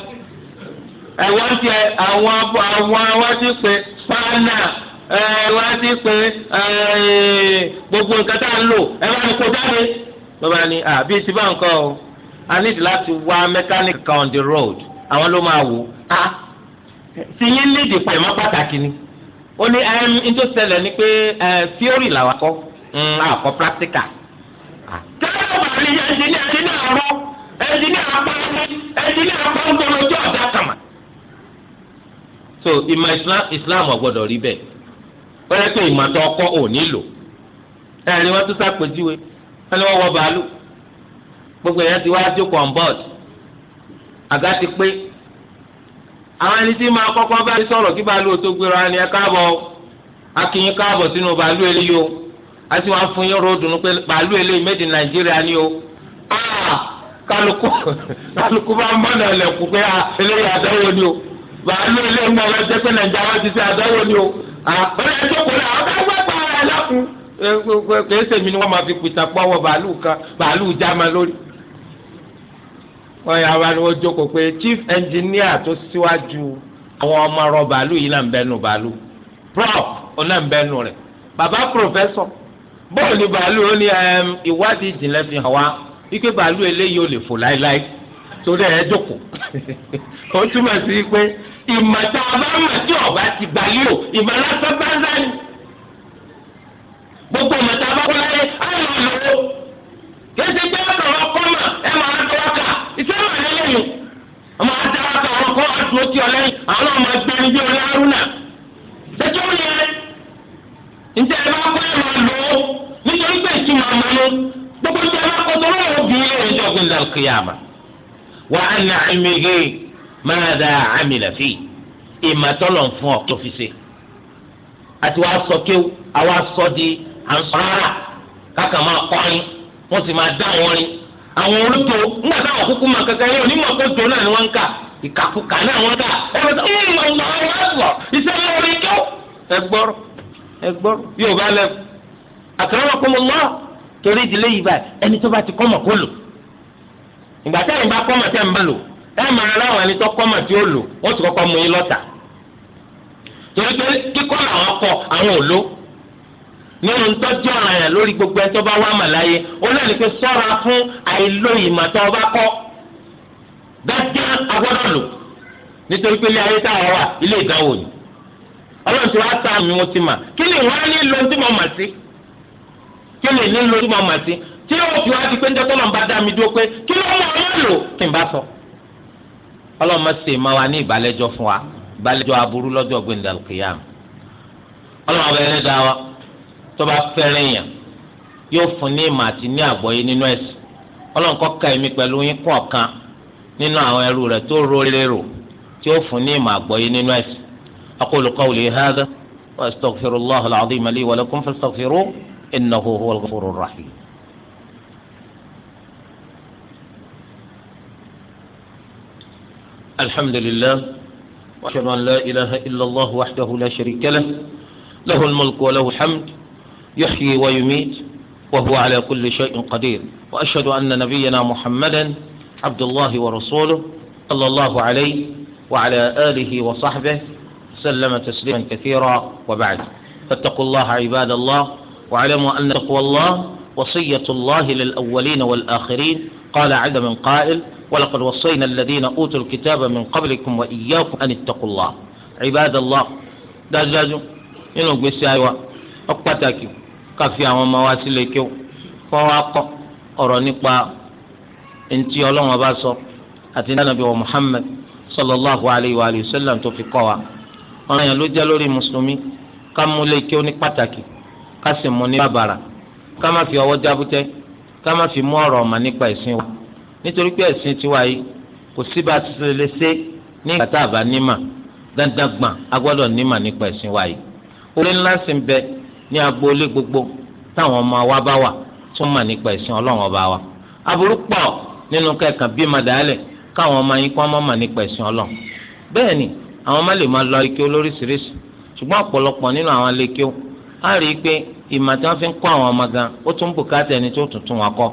ẹ̀wọ́n àwọn àwọn wá sí pé gbogbo nǹkan tá à lò ẹ bá mi kó jáde lọ́ba ni àbí ti bá nǹkan o i need láti wá kan on the road àwọn ló máa wò á ti yín lédè pẹ̀lú pàtàkì ni ó ní ni pé theory làwọn kọ́ àkọ́ practical. tẹ́lẹ̀ bá rí ẹnjìní ẹnjìní àárọ̀ ẹnjìní àpáyé ẹnjìní so ìmọ̀ islam rí bẹ́ẹ̀ ó yẹ pé ìmọ̀tọ́ ọkọ ò nílò ẹ̀rí wọn tún sàpèjúwe wọn wọ́n wọ bàálù gbogbo èèyàn ti wá jókòó on board àga ti pé àwọn ẹni tí máa kọ́kọ́ bá sọ̀rọ̀ kí bàálù tó gbéra ni ẹ káàbọ̀ káàbọ̀ sínú bàálù eléyìí o a ti fún yín ní pé bàálù eléyìí ni o ah! kálukú kálukú bá ń náà lẹ̀kú pé ah, eléyìí ni àbẹ̀rẹ̀ ẹjọ́ kò lè àwọn bá gbà alákun kèése mi ni wọ́n máa fi pìtà pọ́wọ́ bàálù kan bàálù jáma lórí. wọ́n yà wá ní wọ́n jókòó pé chief engineer tó síwájú àwọn ọmọ ọ̀rọ̀ bàálù yìí náà ń bẹ́nu bàálù prof ọ̀nà ń bẹ́nu rẹ̀ bàbá professor bọ́ọ̀ ni bàálù ó ní ìwádìí ìjìnlẹ̀ fi hàn wá wípé bàálù eléyìí ò lè fò láéláé torí ẹ̀ jókòó ó túmọ̀ sí pé ìmọ̀ta ọba mọ̀ tí ọba ti gba ìbá lásán báńsá ni gbogbo mẹ́ta bá wọlé ayé àwọn ọmọ kéde pé ọ̀nà ọkọ̀ ẹ̀ máa ń tọ́wọ́ ìṣẹ́ wà lẹ́yìn ọmọ àtàwọn kà wọn àtúntò tí ọ àwọn ọmọ ẹgbẹ́ ní bí ọlọ́run náà ṣẹjọ́ yẹn ǹjẹ́ ẹ bá kọ́ ẹ̀ máa nítorí pé ìtumọ̀ ni gbogbo wà á nà ẹ̀mí máa dá àmì lẹ́fì àti wàá sọ kéwù àwa sọ di à ń máa kọrin wọ́n sì máa dá wọn rin àwọn olóto nígbà táwọn kúkú máa kankan yẹn onímọ̀ tó náà ni wọ́n ń kà ìkàkùkà náà wọ́n ẹ̀rọ ń ẹ gbọ́rọ̀ ẹ gbọ́rọ̀ yóò bá mọ̀ lọ́wọ́ torí ìdílé yìí báyìí ẹni tó bá ti kọ́ mọ̀ kó lò torí pé kíkọ́ làwọn kọ àwọn òló nínú ntọ́jú ọ̀ràn yẹn lórí gbogbo ẹ tó bá wà màláyé ó náà ní pé sọ́ra fún àìlóyè màtọ́ ọba kọ́ dájá agbọ́dọ̀ lò nítorí pé ilé ayé tá a wà ilé ìdánwò ni ọlọ́run ti wá mi mo ti mà kí ni á ní mà sí kí ni mà sí tí yóò fi wá di pé njẹ́ tọ́lọ̀ ń bá dá mi dúró pé kí ló sọ ọlọ́run balẹ̀jọ́ aburú lọ́jọ́ gbẹ̀ndàl kìyàm. ọlọ́run ọba ẹni dá wa tó bá fẹ́ràn yàn yóò fún ní ìmọ̀ àti ní àgbọ́yé nínú ẹ̀sìn ọlọ́run kó ka èmi pẹ̀lú yín kún ọ̀kan nínú àwọn ẹrú rẹ̀ tó rólérò tí ó fún ní ìmọ̀ àgbọ́yé nínú ẹ̀sìn. aqulu qawli hadha wa astaghfirullaha al-azima li wa وأشهد أن لا إله إلا الله وحده لا شريك له له الملك وله الحمد يحيي ويميت وهو على كل شيء قدير وأشهد أن نبينا محمدا عبد الله ورسوله صلى الله عليه وعلى آله وصحبه سلم تسليما كثيرا وبعد فاتقوا الله عباد الله واعلموا أن تقوى الله وصية الله للأولين والآخرين قال عز من قائل ولقد وصينا الذين أوتوا الكتاب من قبلكم وإياكم أن اتقوا الله عباد الله dájúdájú nínú gbèsè àyíwá ó pàtàkì ká fi àwọn ọmọ wa sílé kí ó wá kọ́ ọ̀rọ̀ nípa ntí Ọlọ́run bá sọ àti nàbí wa Muhammad sallallahu alayhi wa sallam tó fi kọ́ wa ọ̀ràn yẹn ló jẹ́ lórí mùsùlùmí ká mú lé kí ó ní pàtàkì ká sì mú ní bàbàrà ká má fi ọwọ́ jábútẹ́ ká má fi mú ọ̀rọ̀ ọ̀mà nípa ìsìn wa nítorí pé ẹ̀sìn tiwa yìí kò sí bá a ti lè ṣe ní ìgbà tá a bá nímà dandan gbọ̀n a gbọ́dọ̀ nímà nípa ẹ̀sìn wa yìí. orí ńlá sì ń bẹ ní agboolé gbogbo táwọn ọmọ wa bá wà tún mà nípa ẹ̀sìn ọlọ́run ọba wa. aburú pọ̀ nínú kẹ̀kàn bí màdàálẹ̀ káwọn ọmọ yín kọ́ mọ́ nípa ẹ̀sìn ọlọ́run. bẹ́ẹ̀ ni àwọn ọmọ lè máa lọ ike olóríṣiríṣi ṣùgbọ́n ọ̀pọ̀lọpọ̀ nínú àwọn alẹ́kẹ́ á rí i pé ìmọ̀ tí wọ́n fi ń kọ́ àwọn ọmọ gan ó tún bùkátà ẹni tó tuntun wọn kọ́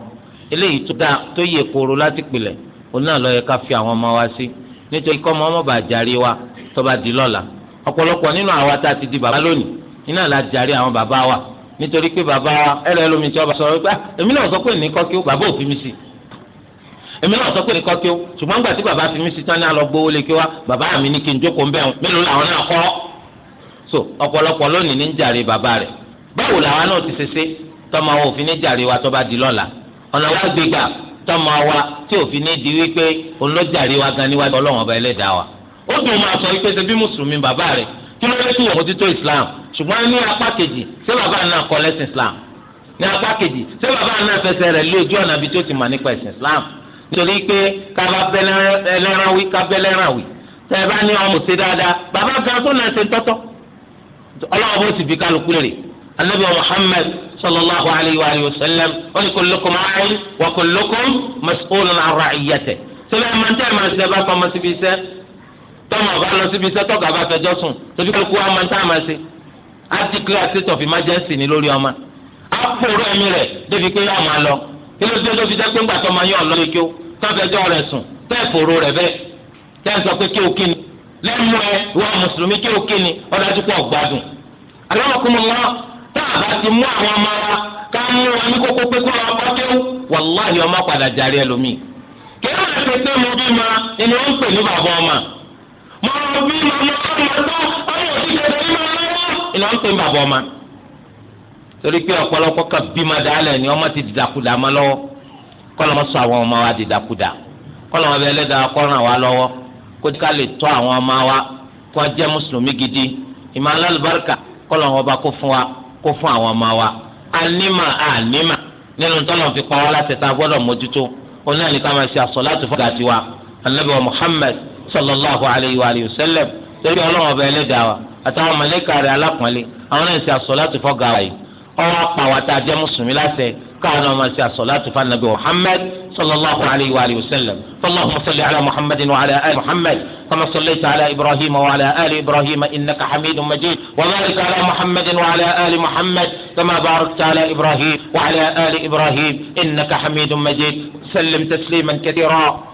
eléyìí tó dáa tó yẹ kóró láti pilẹ̀ òun náà ló yẹ ká fi àwọn ọmọ wa sí nítorí kọ́ ọmọ ọmọ bá jàre wa tó bá di lọ́la ọ̀pọ̀lọpọ̀ nínú àwa tá a ti di bàbá lónìí iná la jàre àwọn bàbá wa nítorí pé bàbá wa ẹlẹ́ lómi tí ọba sọ wípé ah, èmi náà sọ pé ní kọ́ kí ó bàbá òfin mi sí èmi náà sọ pé ní kọ́ kí ó ṣùgbọ́n gbà tí bàbá fi mi sí tán ní alọ́ gbowó lé kí wá bàbá so ọ̀pọ̀lọpọ̀ lónìí ní ń jàre bàbá rẹ̀ báwo làwa náà ti ṣe ṣe tọ́mọ òfin ní ọ̀nà wa gbégbà tọmọ wa tí òfin ní di wípé olójàre wa gan níwájú ọlọ́wọ́n ọba ẹlẹ́dàá wa ó dùn máa sọ wípé ṣe bí mùsùlùmí bàbá rẹ kí ló dé tí wọ́n mójútó islam ṣùgbọ́n ní apá kejì ṣé bàbá náà kọ́ lẹ́sìn islam ní apá kejì ṣé bàbá náà fẹsẹ̀ rẹ̀ lé ojú ọ̀nà ibi tó ti mà nípa ẹ̀sìn islam nítorí pé kábà bẹ́lẹ́ràn wí kábà bẹ́lẹ́ràn wí tẹ́ ẹ bá ní ọmọ ṣe dáadáa bàbá gan tó náà anabi muhammed sallallahu alayhi wa sallam ó ní kullukum a'in wa kullukum mas'ulun 'an ra'iyyatihi sẹ́lẹ̀ máa ń tẹ́ máa ṣe bá pamọ́ síbi iṣẹ́ tọ́mọ̀ bá lọ síbi iṣẹ́ tọ́ka bá fẹjọ́ sùn tóbi kálukú wa máa ń tẹ́ máa ṣe á ti kílá state of emergency ní lórí ọmọ á pòrò ẹ̀mí rẹ̀ débi pé yóò máa lọ kí ló dé tó fi jẹ́ pé ńgbà tọ́mọ yóò lọ lékè ó tọ́fẹjọ́ rẹ̀ sùn tẹ́ pòrò rẹ̀ bẹ́ẹ̀ tẹ́ ń sọ pé kí o kí ni lẹ́nu ẹ wọ́n mùsùlùmí kí o kí ni ọ̀dájú pọ̀ gbádùn. àlọ́ tá a bá ti mú àwọn ọmọ wa ká mú wọn ní kókó pé kó lọ́ọ́ kọ́tẹ́ wàláhì ọmọ padà jàre ẹlòmíì kí ló máa tètè bí ma ni wọ́n ń pè ní bàbá ọmọ mọ bí ma mọ ọmọ tó ọmọ òsì tètè ní ma lọ́wọ́ ni wọ́n ń pè ní bàbá ọmọ torí pé ọ̀pọ̀lọpọ̀ kan bí ma dálẹ̀ ni ọmọ ti dìdàkudà ma lọ́wọ́ kọ́lọ́ ma sọ àwọn ọmọ wa dìdàkudà kọ́lọ́ ma bẹ ẹlẹ́dàá kọ́ràn wa lọ́wọ́ kó ká lè tọ́ àwọn ọmọ wa kó jẹ́ mùsùlùmí gidi ìmọ̀ alálùbáríkà kọ́lọ́ wọn bá kó fún wa kó fún àwọn ọmọ wa ànímà ànímà nínú tọ́lọ̀ fi pa wá láti ta gbọ́dọ̀ mójútó oní àníkà máa ṣe àsọ̀láàtù fún gàtí wa anabi wa muhammed sallallahu alayhi wa alayhi wa sallam torí ọlọ́wọ́ ọba ẹlẹ́dàá wa àtàwọn mọ̀lẹ́kà rẹ̀ alápọ̀nlé àwọn náà ṣe àsọ̀láàtù fún gàwáyé ọ̀rọ̀ pàwọ́tà jẹ́ mùsùlùmí láṣẹ káwọn ọmọ ṣe àsọ̀látù fún anabi muhammed sallallahu alayhi wa alihi wa sallam fallahumma salli ala muhammadin wa ala ali muhammad kama sallaita ala ibrahim wa ala ali ibrahim innaka hamidun majid wa barik ala muhammadin wa ala ali muhammad kama barakta ala ibrahim wa ala ali ibrahim innaka hamidun majid sallim tasliman kathira.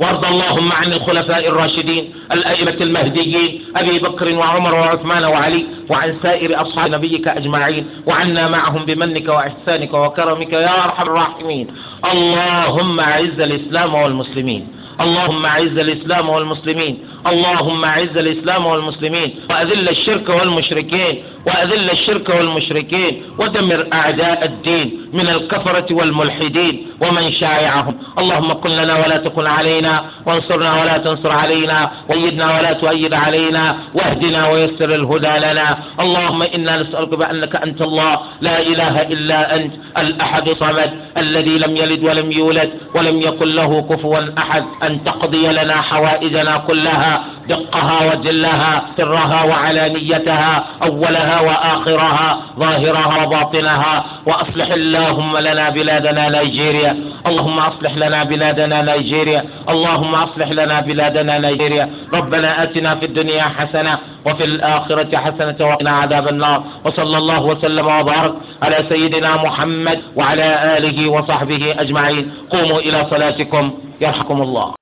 وارض اللهم عن الخلفاء الراشدين الأئمة المهديين أبي بكر وعمر وعثمان وعلي وعن سائر أصحاب نبيك أجمعين وعنا معهم بمنك وإحسانك وكرمك يا أرحم الراحمين اللهم أعز الإسلام والمسلمين اللهم أعز الإسلام والمسلمين اللهم أعز الإسلام والمسلمين وأذل الشرك والمشركين وأذل الشرك والمشركين ودمر أعداء الدين من الكفرة والملحدين ومن شايعهم اللهم كن لنا ولا تكن علينا وانصرنا ولا تنصر علينا وأيدنا ولا تؤيد علينا واهدنا ويسر الهدى لنا اللهم إنا نسألك بأنك أنت الله لا إله إلا أنت الأحد الصمد الذي لم يلد ولم يولد ولم يكن له كفوا أحد أن تقضي لنا حوائجنا كلها دقها وجلها سرها وعلانيتها أولها وآخرها ظاهرها وباطنها وأصلح اللهم لنا بلادنا نيجيريا اللهم أصلح لنا بلادنا نيجيريا اللهم أصلح لنا بلادنا نيجيريا ربنا آتنا في الدنيا حسنة وفي الآخرة حسنة وقنا عذاب النار وصلى الله وسلم وبارك على سيدنا محمد وعلى آله وصحبه أجمعين قوموا إلى صلاتكم يرحمكم الله